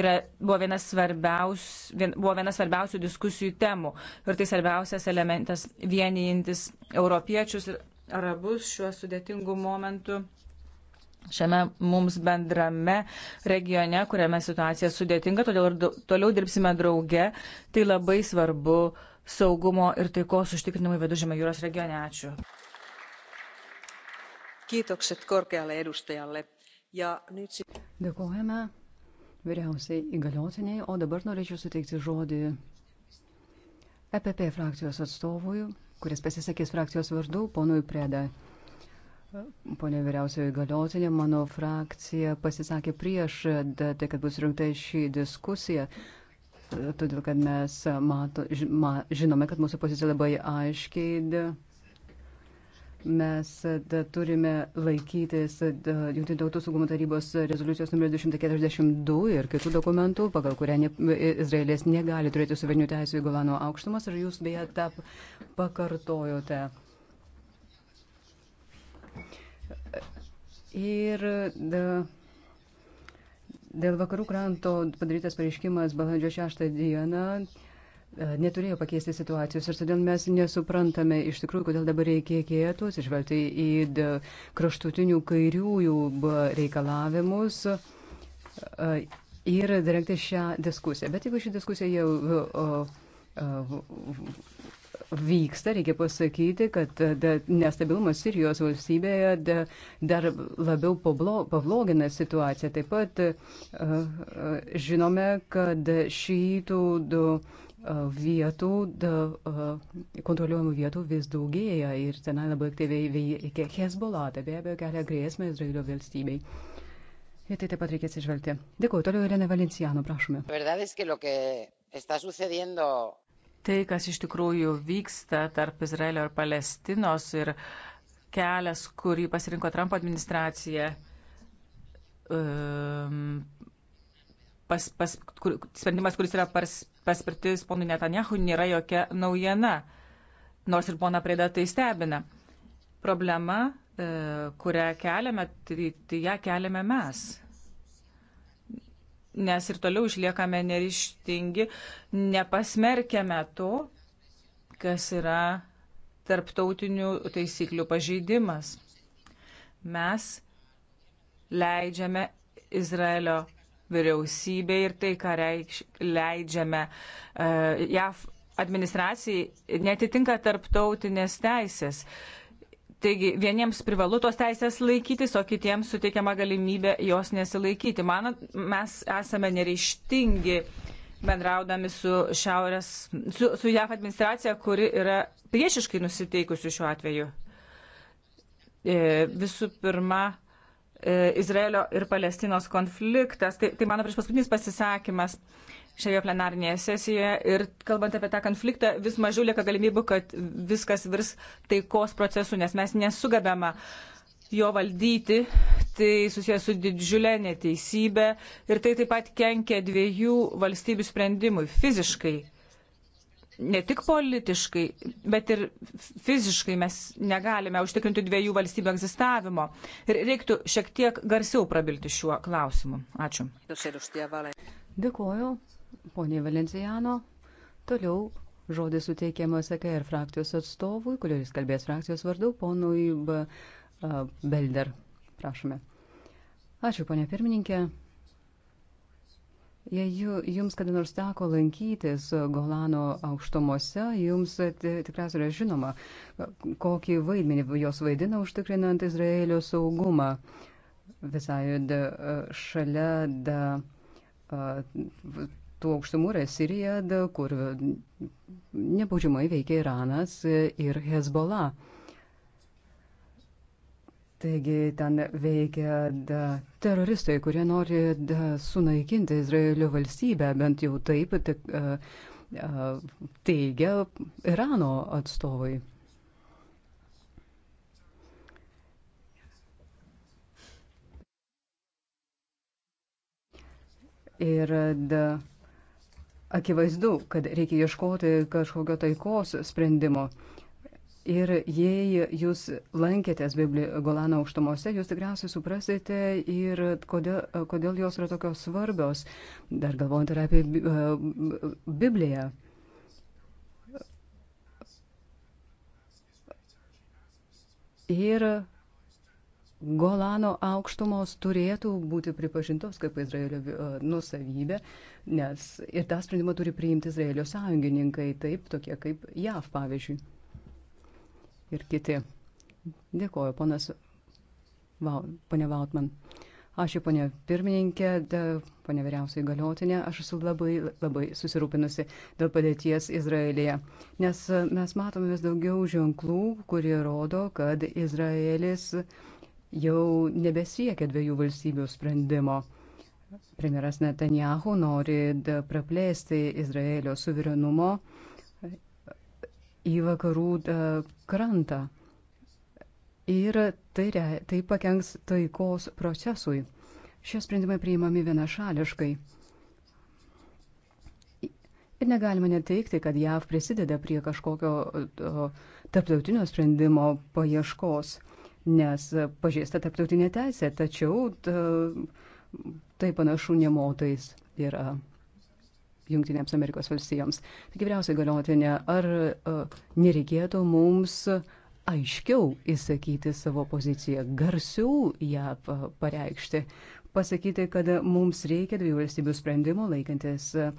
yra, buvo, vienas vien, buvo vienas svarbiausių diskusijų temų ir tai svarbiausias elementas vienijintis europiečius ir arabus šiuo sudėtingu momentu šiame mums bendrame regione, kuriame situacija sudėtinga, todėl ir toliau dirbsime drauge. Tai labai svarbu saugumo ir taikos užtikrinimui Vidužėme jūros regione. Ačiū. Kiitokset korkealle edustajalle. Ja nyt... Dėkojame vyriausiai įgaliotiniai, o dabar norėčiau suteikti žodį EPP frakcijos atstovui, kuris pasisakys frakcijos vardu, ponui Predai. Pone vyriausioji galiotinė, mano frakcija pasisakė prieš tai, kad bus rinkta šį diskusiją, todėl kad mes mato, ma, žinome, kad mūsų pozicija labai aiškiai. Mes da, turime laikytis Junktinių tautų saugumo tarybos rezoliucijos numeris 242 ir kitų dokumentų, pagal kurią ne, Izraelis negali turėti suverenių teisų į Golano aukštumas ir jūs beje tą pakartojote. Ir dėl vakarų kranto padarytas pareiškimas balandžio 6 dieną e, neturėjo pakeisti situacijos ir todėl mes nesuprantame iš tikrųjų, kodėl dabar reikėtų atsižvelgti į kraštutinių kairiųjų reikalavimus e, ir rengti šią diskusiją. Bet jeigu ši diskusija jau e, vyksta, reikia pasakyti, kad e, nestabilumas Sirijos valstybėje dar labiau pablogina situaciją. Taip pat e, e, žinome, kad šytų vietų, kontroliuojamų vietų vis daugėja ir tenai labai aktyviai veikia Hezbollah, tai be abejo kelia grėsmę Izraelio valstybei. Ir tai taip pat reikės išvelgti. Dėkuoju, toliau Irena Valenciano, prašome tai, kas iš tikrųjų vyksta tarp Izraelio ir Palestinos ir kelias, kurį pasirinko Trumpo administracija, um, pas, pas, kur, sprendimas, kuris yra pas, paspirtis ponui Netanjahu, nėra jokia naujiena, nors ir pona Preda tai stebina. Problema, uh, kurią keliame, tai, tai ją keliame mes nes ir toliau išliekame nerištingi, nepasmerkėme to, kas yra tarptautinių taisyklių pažeidimas. Mes leidžiame Izraelio vyriausybė ir tai, ką reikš, leidžiame uh, e, JAF administracijai, netitinka tarptautinės teisės. Uh, Taigi vieniems privalu tos teisės laikytis, o kitiems suteikiama galimybė jos nesilaikyti. Man, mes esame nereištingi bendraudami su, šiaurės, su, su JAF administracija, kuri yra priešiškai nusiteikusi šiuo atveju. E, visų pirma, e, Izraelio ir Palestinos konfliktas. Tai, tai mano prieš paskutinis pasisakymas. E, šioje plenarinėje sesijoje ir kalbant apie tą konfliktą, vis mažiau lieka galimybių, kad viskas virs taikos procesu, nes mes nesugebame jo valdyti, tai susijęs su didžiulė neteisybė ir tai taip pat kenkia dviejų valstybių sprendimui fiziškai. Ne tik politiškai, bet ir fiziškai mes negalime užtikrinti dviejų valstybių egzistavimo. Ir reiktų šiek tiek garsiau prabilti šiuo klausimu. Ačiū. Dėkuoju. Pone Valenciano, toliau žodis suteikiamas EKR frakcijos atstovui, kuris kalbės frakcijos vardu, ponui Belder. Prašome. Ačiū, ponė pirmininkė. Jei jums kada nors teko lankytis Golano aukštumose, jums tikriausiai yra žinoma, kokį vaidmenį jos vaidina užtikrinant Izraelio saugumą. Visai šalia da, tų aukštumų yra Sirija, kur nebaudžiamai veikia Iranas ir Hezbollah. Taigi ten veikia da, teroristai, kurie nori da, sunaikinti Izraelio valstybę, bent jau taip tik, a, a, teigia Irano atstovai. Ir da, akivaizdu, kad reikia ieškoti kažkokio taikos sprendimo. Ir jei jūs lankėtės Bibli Golano aukštumose, jūs tikriausiai suprasite ir kodėl, kodėl jos yra tokios svarbios, dar galvojant ir apie e, Bibliją. Ir Golano aukštumos turėtų būti pripažintos kaip Izraelio e, nusavybė nes ir tą sprendimą turi priimti Izraelio sąjungininkai, taip tokie kaip JAV pavyzdžiui ir kiti. Dėkoju, ponas Vaut, ponė Vautman. Ačiū, ponė pirmininkė, de, ponė vyriausiai galiotinė. Aš esu labai, labai susirūpinusi dėl padėties Izraelėje, nes mes matome vis daugiau ženklų, kurie rodo, kad Izraelis jau nebesiekia dviejų valstybių sprendimo. Premjeras Netanjahu nori praplėsti Izraelio suverenumo į vakarų krantą. Ir tai, tai pakenks taikos procesui. Šie sprendimai priimami vienašališkai. Ir negalima neteikti, kad JAV prisideda prie kažkokio tarptautinio sprendimo paieškos, nes pažįsta tarptautinė teisė, tačiau ta, tai panašu nemotais yra Junktinėms Amerikos valstijoms. Taigi, vyriausiai galiotinė, ar uh, nereikėtų mums aiškiau įsakyti savo poziciją, garsiau ją pareikšti, pasakyti, kad mums reikia dviejų valstybių sprendimo laikantis uh,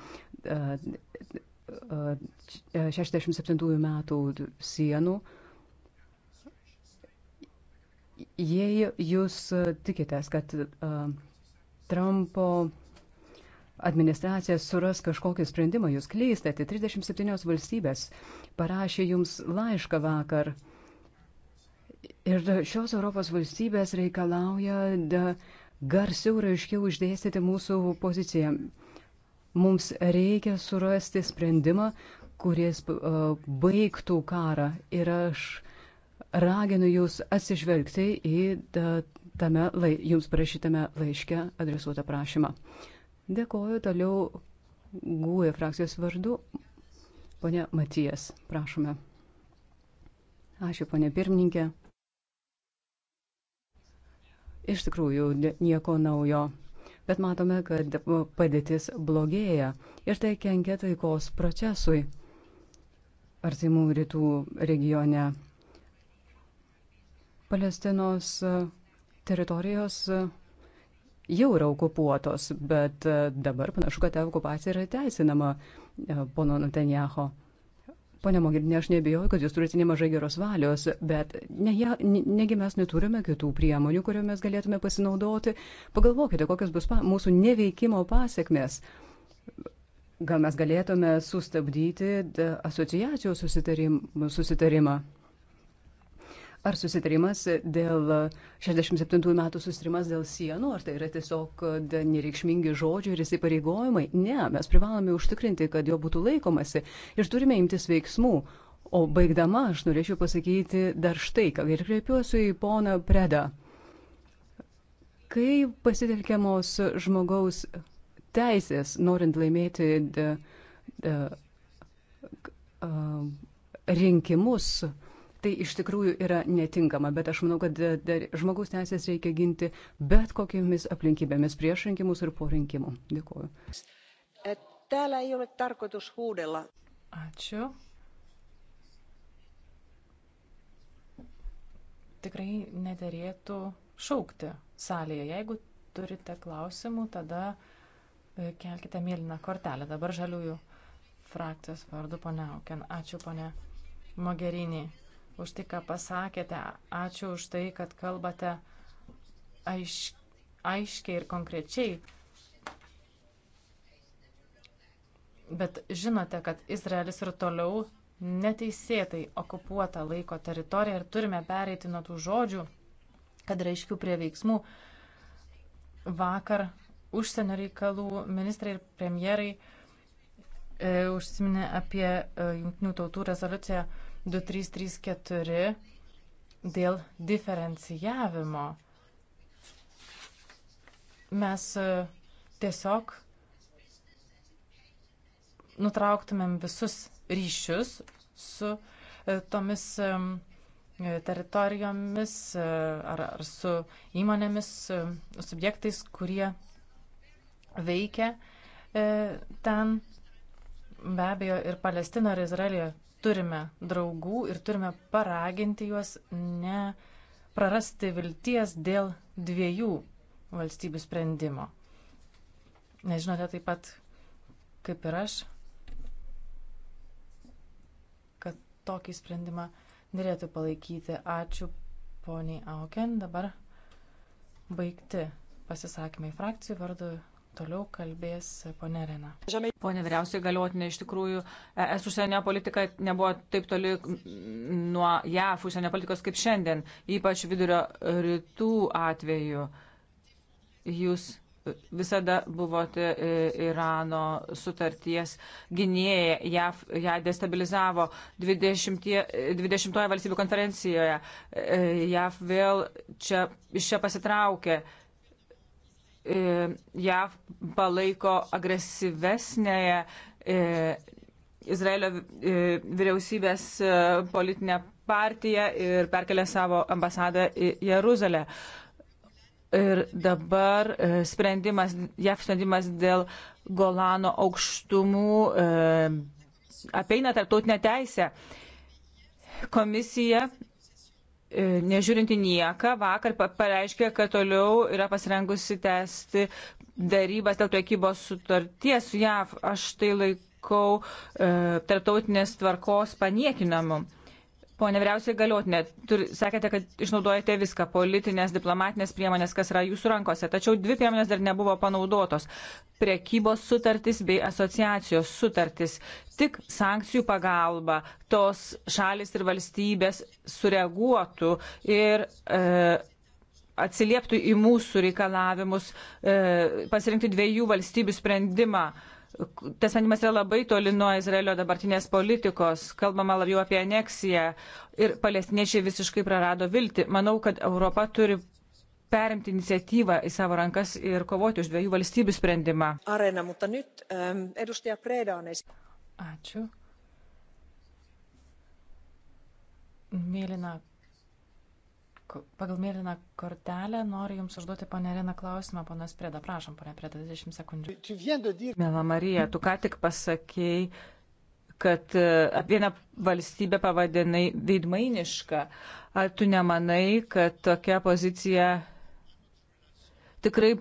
e, 67 e, metų sienų. Jei jūs tikitės, kad uh, Trumpo administracija suras kažkokį sprendimą, jūs klystate. 37 valstybės parašė jums laišką vakar. Ir šios Europos valstybės reikalauja garsiau ir aiškiau išdėstyti mūsų poziciją. Mums reikia surasti sprendimą, kuris baigtų karą. Ir aš raginu jūs atsižvelgti į tame lai, jums parašytame laiške adresuotą prašymą. Dėkoju toliau GUE frakcijos vardu. Pone Matijas, prašome. Ačiū, ponė pirmininkė. Iš tikrųjų, nieko naujo. Bet matome, kad padėtis blogėja ir tai kenkia taikos procesui artimų rytų regione. Palestinos teritorijos e, jau yra okupuotos, bet e, dabar panašu, kad ta okupacija yra teisinama e, pono Netanjaho. Pone Mogirinė, aš nebijoju, kad jūs turite nemažai geros valios, bet ne, ja, negi mes neturime kitų priemonių, kuriomis galėtume pasinaudoti. Pagalvokite, kokios bus pa, mūsų neveikimo pasiekmes. Gal mes galėtume sustabdyti asociacijos susitarim, susitarimą. Ar susitarimas dėl 67 metų susitarimas dėl sienų, ar tai yra tiesiog e, nereikšmingi žodžiai ir įsipareigojimai? Ne, mes privalome užtikrinti, kad jo būtų laikomasi ir turime imtis veiksmų. O baigdama aš norėčiau pasakyti dar štai, ką ir kreipiuosi į poną Predą. Kai pasitelkiamos žmogaus teisės, norint laimėti de, de, de, a, rinkimus, a, tai iš tikrųjų yra netinkama, bet aš manau, kad e, žmogaus teisės reikia ginti bet kokiamis aplinkybėmis prieš rinkimus ir po rinkimų. Dėkuoju. E, täällä ei ole tarkoitus huudella. Ačiū. Tikrai nederėtų šaukti salėje. Jeigu turite klausimų, tada e, kelkite mėlyną kortelę. Dabar žaliųjų frakcijos vardu, ponia Auken. Ačiū, ponia Mogerinį už tai, ką pasakėte. Ačiū už tai, kad kalbate aiš, aiškiai ir konkrečiai. Bet žinote, kad Izraelis ir toliau neteisėtai okupuota laiko teritorija ir turime pereiti nuo tų žodžių, kad reiškių prie veiksmų. Vakar užsienio reikalų ministrai ir premjerai e, užsiminė apie e, Junktinių tautų rezoliuciją 2334 dėl diferencijavimo. Mes e, tiesiog nutrauktumėm visus ryšius su e, tomis e, teritorijomis ar, ar su įmonėmis, subjektais, kurie veikia ten. Be abejo, ir Palestino, ir Izraelio turime draugų ir turime paraginti juos ne prarasti vilties dėl dviejų valstybių sprendimo. Nežinote taip pat kaip ir aš, kad tokį sprendimą norėtų palaikyti. Ačiū poniai Auken. Dabar baigti pasisakymai frakcijų vardu Toliau kalbės ponė Rena. Pone vyriausiai galiotinė, iš tikrųjų, es užsienio politika nebuvo taip toli nuo JAF užsienio politikos kaip šiandien, ypač vidurio rytų atveju. Jūs visada buvote e, Irano sutarties gynėja, JAF ją destabilizavo 20, 20 valstybių konferencijoje, e, JAF vėl čia, iš čia pasitraukė E, JAV palaiko agresyvesnėje e, Izraelio e, vyriausybės politinę partiją ir perkelė savo ambasadą į Jeruzalę. Ir dabar sprendimas, JAV sprendimas dėl Golano aukštumų apeina tarptautinę teisę. Komisija E, nežiūrinti nieką, vakar pareiškė, kad toliau yra pasirengusi tęsti darybas dėl priekybos sutarties su JAV. Aš tai laikau e, tarptautinės tvarkos paniekinamu. Pone vyriausiai galiotinė, sakėte, kad išnaudojate viską - politinės, diplomatinės priemonės, kas yra jūsų rankose. Tačiau dvi priemonės dar nebuvo panaudotos - priekybos sutartis bei asociacijos sutartis. Tik sankcijų pagalba tos šalis ir valstybės sureaguotų ir e, atsilieptų į mūsų reikalavimus e, pasirinkti dviejų valstybių sprendimą. E, tas sprendimas yra labai toli nuo Izraelio dabartinės politikos, kalbama labiau apie aneksiją ir palestiniečiai visiškai prarado viltį. Manau, kad Europa turi perimti iniciatyvą į savo rankas ir kovoti už dviejų valstybių sprendimą. Arena, mutta nyt, um, edustaja Preda on esi... Ačiū. Mėlyna Pagal mėlyną kortelę noriu Jums užduoti, ponė Rena, klausimą, ponas Preda. Prašom, ponė Preda, 20 sekundžių. Mėla Marija, tu ką tik pasakėjai, kad e, vieną valstybę pavadinai veidmainišką. Ar tu nemanai, kad tokia pozicija tikrai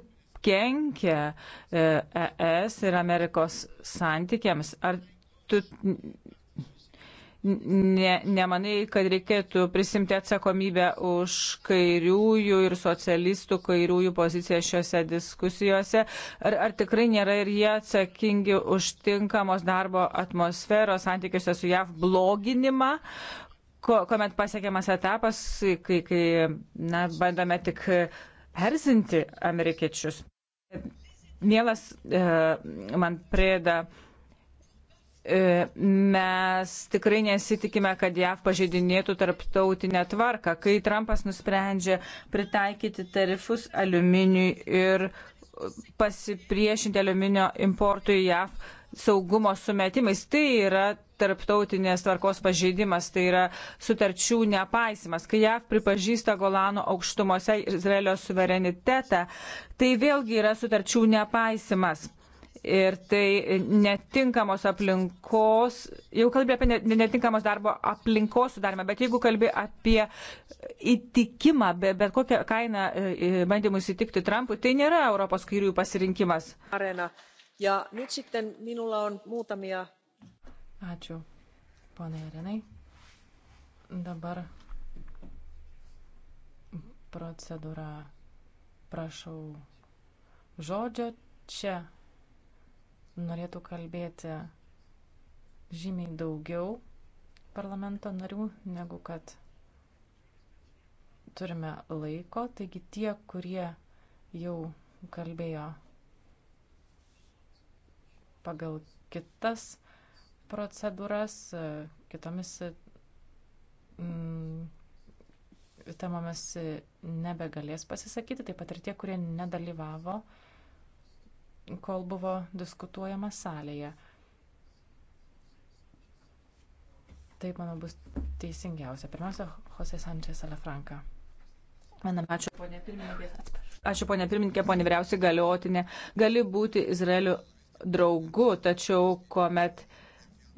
kenkia ES e ir Amerikos santykiams? Ar tu ne, nemanai, kad reikėtų prisimti atsakomybę už kairiųjų ir socialistų kairiųjų poziciją šiuose diskusijose? Ar, ar tikrai nėra ir jie atsakingi už tinkamos darbo atmosferos santykiuose su JAV bloginimą? Ko, kuomet pasiekiamas etapas, kai, kai na, bandome tik erzinti amerikiečius. Mielas e, man prėda E, mes tikrai nesitikime, kad JAV pažeidinėtų tarptautinę tvarką, kai Trumpas nusprendžia pritaikyti tarifus aliuminiui ir pasipriešinti aliuminio importui JAV saugumo sumetimais. Tai yra tarptautinės tvarkos pažeidimas, tai yra sutarčių nepaisimas. Kai JAV pripažįsta Golano aukštumose Izraelio suverenitetą, tai vėlgi yra sutarčių nepaisimas ir tai netinkamos aplinkos, jau kalbė apie netinkamos darbo aplinkos sudarimą, bet jeigu kalbė apie įtikimą, bet, bet kokią kainą e, e, bandymų įsitikti Trumpui, tai nėra Europos kairiųjų pasirinkimas. Arena. Ja nyt sitten minulla on muutamia... Ačiū, ponai Arenai. Dabar procedūra. Prašau žodžio čia norėtų kalbėti žymiai daugiau parlamento narių, negu kad turime laiko. Taigi tie, kurie jau kalbėjo pagal kitas procedūras, kitomis mm, temomis nebegalės pasisakyti, taip pat ir tie, kurie nedalyvavo uh, kol buvo diskutuojama salėje. Taip, manau, bus teisingiausia. Pirmiausia, Jose Sančias Alafranka. Ačiū, ponė pirmininkė. Ačiū, ponė pirmininkė, ponė vyriausiai galiotinė. Gali būti Izraelio draugu, tačiau kuomet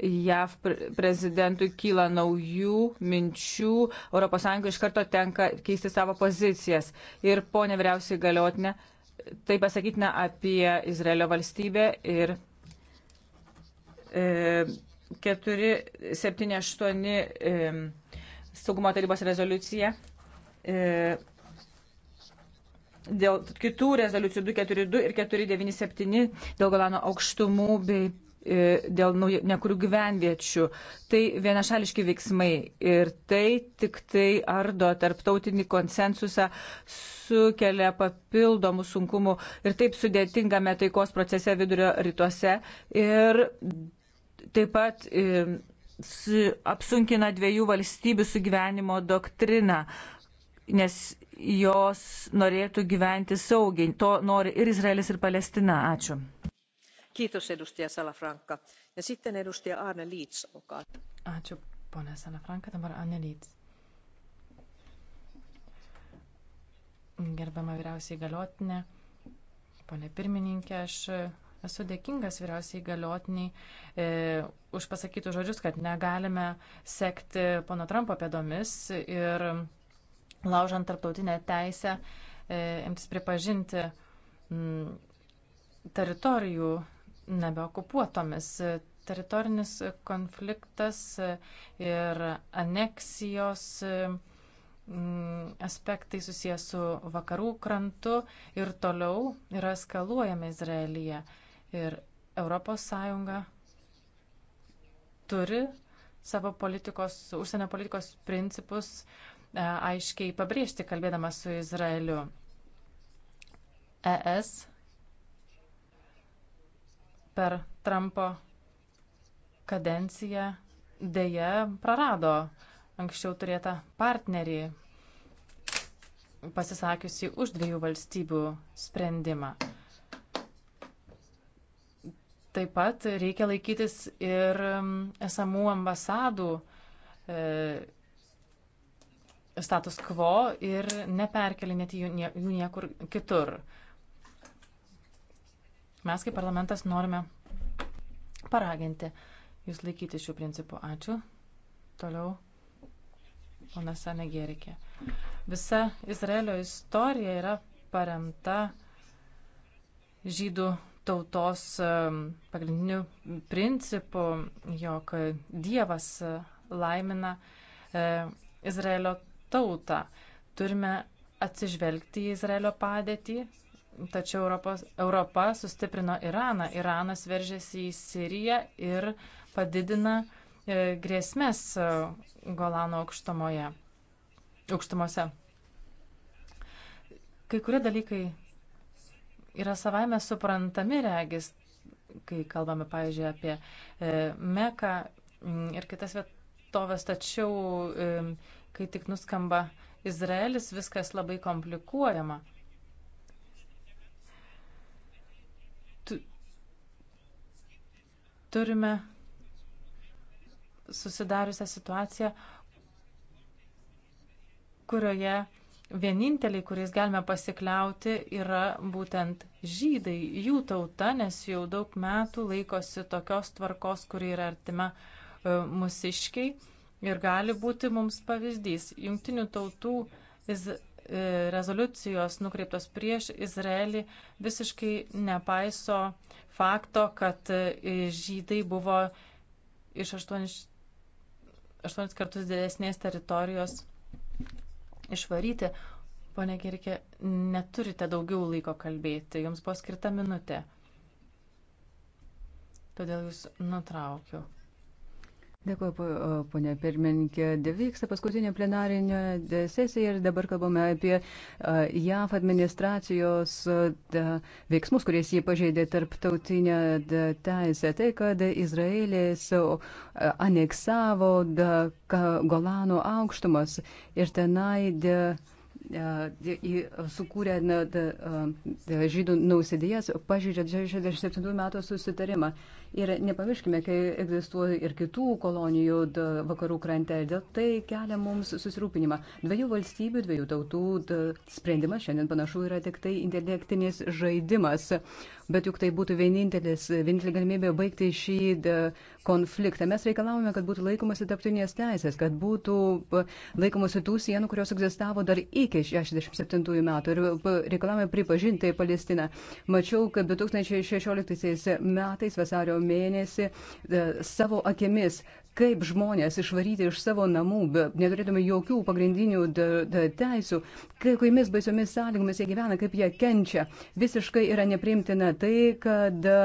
JAV prezidentui kyla naujų minčių, ES iš karto tenka keisti savo pozicijas. Ir ponė vyriausiai galiotinė, tai pasakytina apie Izraelio valstybę ir e, 478 e, saugumo tarybos rezoliucija. E, dėl kitų rezoliucijų 242 ir 497 dėl Golano aukštumų bei E, dėl nekurių gyvenviečių. Tai vienašališki veiksmai ir tai tik tai ardo tarptautinį konsensusą, sukelia papildomų sunkumų ir taip sudėtingame taikos procese vidurio rytuose ir taip pat e, apsunkina dviejų valstybių sugyvenimo doktriną, nes jos norėtų gyventi saugiai. To nori ir Izraelis, ir Palestina. Ačiū. Ačiū, ponė Salafranka, dabar Anne Lyts. Gerbiama vyriausiai galiotinė, ponė pirmininkė, aš esu dėkingas vyriausiai galiotiniai e, už pasakytų žodžius, kad negalime sekti pono Trumpo pėdomis ir laužant tarptautinę teisę e, imtis pripažinti m, teritorijų nebeokupuotomis. Teritorinis konfliktas ir aneksijos mm, aspektai susijęs su vakarų krantu ir toliau yra skaluojami Izraelyje. Ir ES turi savo politikos, užsienio politikos principus e, aiškiai pabrėžti, kalbėdama su Izraeliu. ES per Trumpo kadenciją dėje prarado anksčiau turėtą partnerį, pasisakiusi už dviejų valstybių sprendimą. Taip pat reikia laikytis ir mm, esamų ambasadų e, status quo ir neperkelinėti jų niekur kitur. Mes kaip parlamentas norime paraginti jūs laikyti šių principų. Ačiū. Toliau. Ponas Anegerikė. Visa Izraelio istorija yra paremta žydų tautos ehm, pagrindiniu principu, jog Dievas laimina ehm, Izraelio tautą. Turime atsižvelgti į Izraelio padėtį, Tačiau Europos, Europa sustiprino Iraną. Iranas veržiasi į Siriją ir padidina e, grėsmės e, Golano aukštumoje, aukštumose. Kai kurie dalykai yra savaime suprantami, regis, kai kalbame, pavyzdžiui, apie e, Meką mm, ir kitas vietovės, tačiau e, kai tik nuskamba Izraelis, viskas labai komplikuojama. turime susidariusią situaciją, kurioje vieninteliai, kuriais galime pasikliauti, yra būtent žydai, jų tauta, nes jau daug metų laikosi tokios tvarkos, kuri yra artima e, musiškiai ir gali būti mums pavyzdys. Jungtinių tautų E, rezoliucijos nukreiptos prieš Izraelį visiškai nepaiso fakto, kad e, žydai buvo iš 8, 8 kartus didesnės teritorijos išvaryti. Pone Gerikė, neturite daugiau laiko kalbėti, jums buvo skirta minutė. Todėl jūs nutraukiu. Dėkuoju, ponė pirmininkė. Vyksta paskutinė plenarinė sesija ir dabar kalbame apie JAF administracijos veiksmus, kuriais jie pažeidė tarptautinę teisę. Tai, kad Izraelis aneksavo Golano aukštumas ir tenai sukūrė žydų nausėdijas, pažeidžia 67 metų susitarimą. Ir nepamirškime, kai egzistuoja ir kitų kolonijų vakarų krante, dėl tai kelia mums susirūpinimą. Dviejų valstybių, dviejų tautų sprendimas šiandien panašu yra tik tai intelektinis žaidimas. Bet juk tai būtų vienintelis, vienintelė galimybė baigti šį konfliktą. Mes reikalavome, kad būtų laikomasi taptinės teisės, kad būtų laikomasi tų sienų, kurios egzistavo dar iki 67 metų. Ir reikalavome pripažinti Palestiną. Mačiau, kad 2016 metais vasario mėnesį e, savo akimis, kaip žmonės išvaryti iš savo namų, neturėdami jokių pagrindinių teisų, kokiomis baisiomis sąlygomis jie gyvena, kaip jie kenčia. Visiškai yra neprimtina tai, kad e,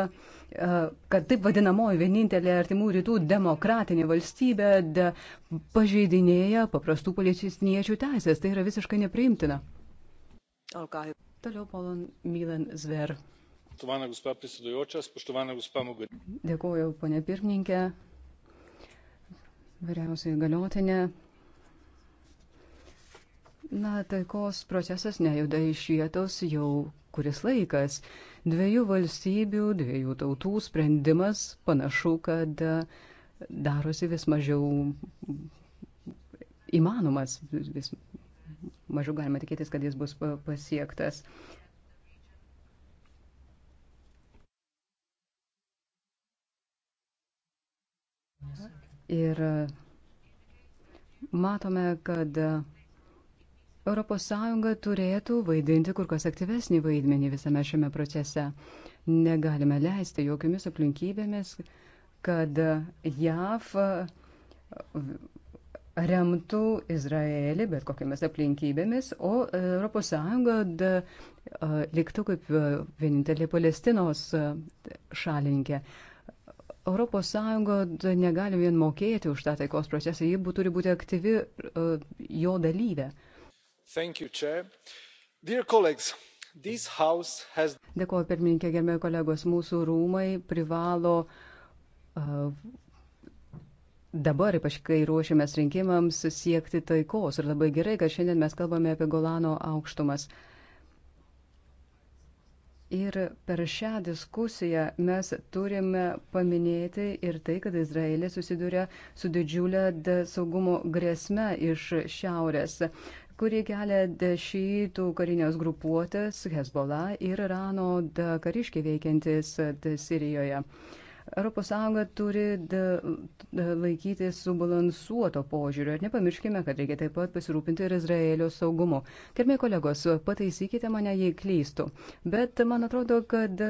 kad taip vadinamoji vienintelė artimų rytų demokratinė valstybė de, pažeidinėja paprastų palestiniečių teisės. Tai yra visiškai nepriimtina. Toliau Polon Mylan Zver. Dėkuoju, ponė pirmininkė, vyriausiai galiotinė. Na, taikos procesas nejuda iš vietos jau kuris laikas. Dviejų valstybių, dviejų tautų sprendimas panašu, kad darosi vis mažiau įmanomas, vis mažiau galima tikėtis, kad jis bus pasiektas. Ir e, matome, kad ES turėtų vaidinti kur kas aktyvesnį vaidmenį visame šiame procese. Negalime leisti jokiamis aplinkybėmis, kad JAV e, remtų Izraelį bet kokiamis aplinkybėmis, o ES e, liktų kaip vienintelė Palestinos šalininkė. ES negali vien mokėti už tą taikos procesą, ji turi būti aktyvi e, jo dalyvė. Has... Dėkuoju, pirmininkė, gerbėjai kolegos, mūsų rūmai privalo uh, dabar, ypač kai ruošiamės rinkimams, siekti taikos. Ir labai gerai, kad šiandien mes kalbame apie Golano aukštumas. Uh, Ir per šią diskusiją mes turime paminėti ir tai, kad Izraelė susiduria su didžiulė saugumo grėsme iš šiaurės, kuri kelia šytų karinės grupuotės Hezbollah ir Irano kariškiai veikiantis Sirijoje. ES turi laikytis subalansuoto požiūrio ir nepamirškime, kad reikia taip pat pasirūpinti ir Izraelio saugumu. Kirmiai kolegos, pataisykite mane, jei klystu. Bet man atrodo, kad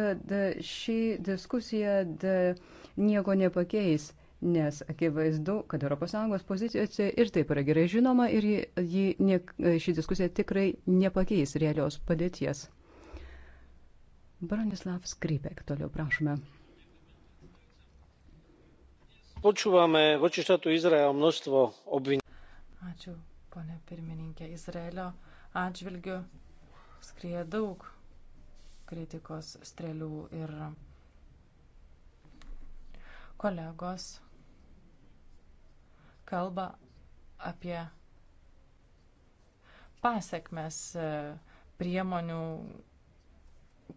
ši diskusija nieko nepakeis, nes akivaizdu, kad ES pozicija ir taip yra gerai žinoma ir ji, ji, ne, ši diskusija tikrai nepakeis realios padėties. Bronislav Skripek, toliau prašome. Počúvame voči štátu Izrael množstvo obvinení. Ačiū, ponė pirmininkė. Izraelio atžvilgiu skrieja daug kritikos strėlių ir kolegos kalba apie pasiekmes e, priemonių,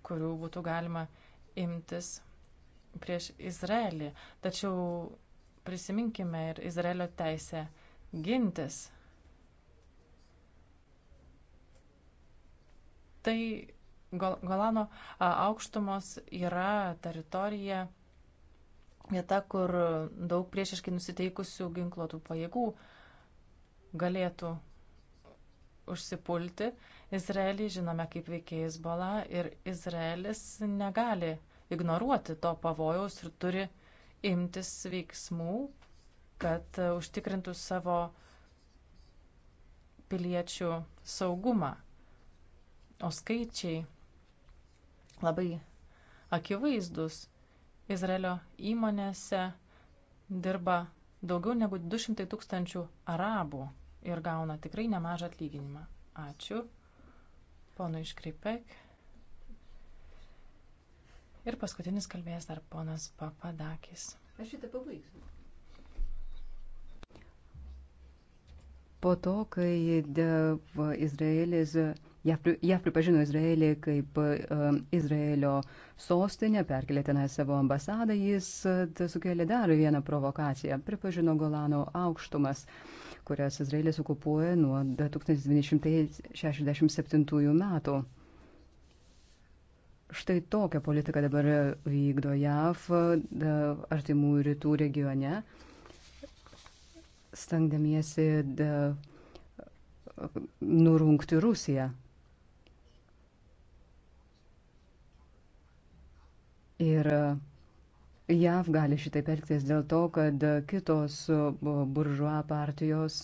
kurių būtų galima imtis prieš Izraelį. Tačiau prisiminkime ir Izraelio teisę gintis. Tai Golano aukštumos yra teritorija, vieta, kur daug priešiškai nusiteikusių ginkluotų pajėgų galėtų užsipulti. Izraelį žinome kaip veikia Hezbollah ir Izraelis negali ignoruoti to pavojaus ir turi uh, imtis veiksmų, kad e, užtikrintų savo piliečių saugumą. O skaičiai labai akivaizdus. Izraelio įmonėse dirba daugiau negu 200 tūkstančių arabų ir gauna tikrai nemažą atlyginimą. Ačiū. Pono iškreipek. Ir paskutinis kalbės dar ponas Papadakis. Aš šitą pabaigsiu. Po to, kai Izraelis, JAV pripažino Izraelį kaip um, Izraelio sostinę, perkelė tenai savo ambasadą, jis sukėlė dar vieną provokaciją, pripažino Golano aukštumas kurias Izraelis okupuoja nuo 1967 metų. Štai tokią politiką dabar vykdo JAV artimų rytų regione, stengdamiesi nurungti Rusiją. Ir JAV gali šitaip elgtis dėl to, kad kitos buržuo partijos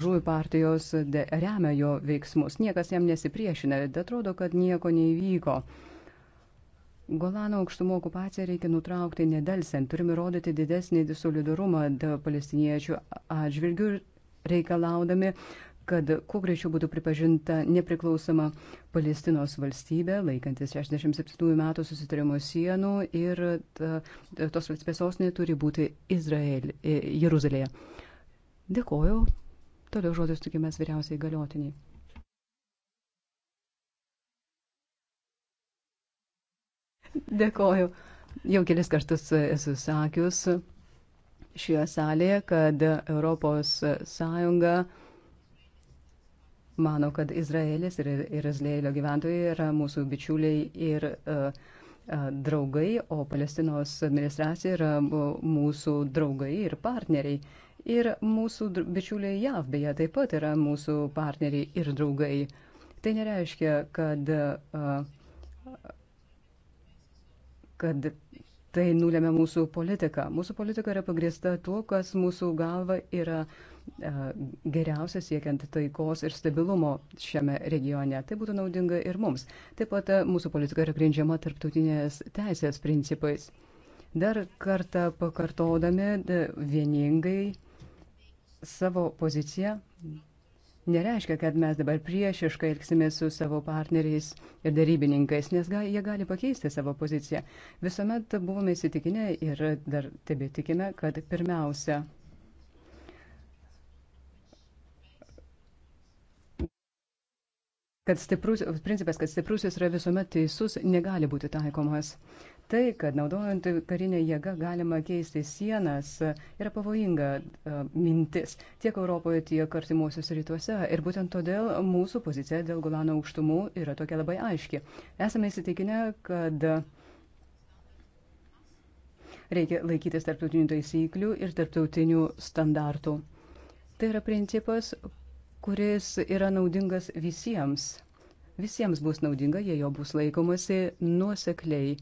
Žuvių partijos remia jo veiksmus, niekas jam nesipriešina, bet atrodo, kad nieko neįvyko. Golano aukštumo okupaciją reikia nutraukti nedelsiant, turime rodyti didesnį solidarumą palestiniečių atžvilgių, reikalaudami, kad kuo greičiau būtų pripažinta nepriklausoma Palestinos valstybė, laikantis 67 metų susitarimo sienų ir ta, tos valstybės sostinė turi būti Izrael, Jeruzalėje. Dėkoju, Toliau žodis tikimės vyriausiai galiotiniai. Dėkoju. Jau kelis kartus esu sakius šioje salėje, kad Europos Sąjunga mano, kad Izraelis ir, ir Izraelio gyventojai yra mūsų bičiuliai ir uh, draugai, o Palestinos administracija yra mūsų draugai ir partneriai. Ir mūsų bičiuliai JAV beje taip pat yra mūsų partneriai ir draugai. Tai nereiškia, kad, kad tai nulėmė mūsų politiką. Mūsų politika yra pagrįsta tuo, kas mūsų galva yra geriausia siekiant taikos ir stabilumo šiame regione. Tai būtų naudinga ir mums. Taip pat mūsų politika yra grindžiama tarptautinės teisės principais. Dar kartą pakartodami vieningai savo poziciją nereiškia, kad mes dabar priešiškai elgsime su savo partneriais ir darybininkais, nes ga, jie gali pakeisti savo poziciją. Visuomet buvome įsitikinę ir dar tebe tikime, kad pirmiausia. Kad stiprus, principas, kad stiprusis yra visuomet teisus, negali būti taikomas. Tai, kad naudojant karinę jėgą galima keisti sienas, yra pavojinga e, mintis tiek Europoje, tiek artimuosius rytuose. Ir būtent todėl mūsų pozicija dėl Golano aukštumų yra tokia labai aiški. Esame įsitikinę, kad reikia laikytis tarptautinių taisyklių ir tarptautinių standartų. Tai yra principas, kuris yra naudingas visiems. Visiems bus naudinga, jei jo bus laikomasi nuosekliai.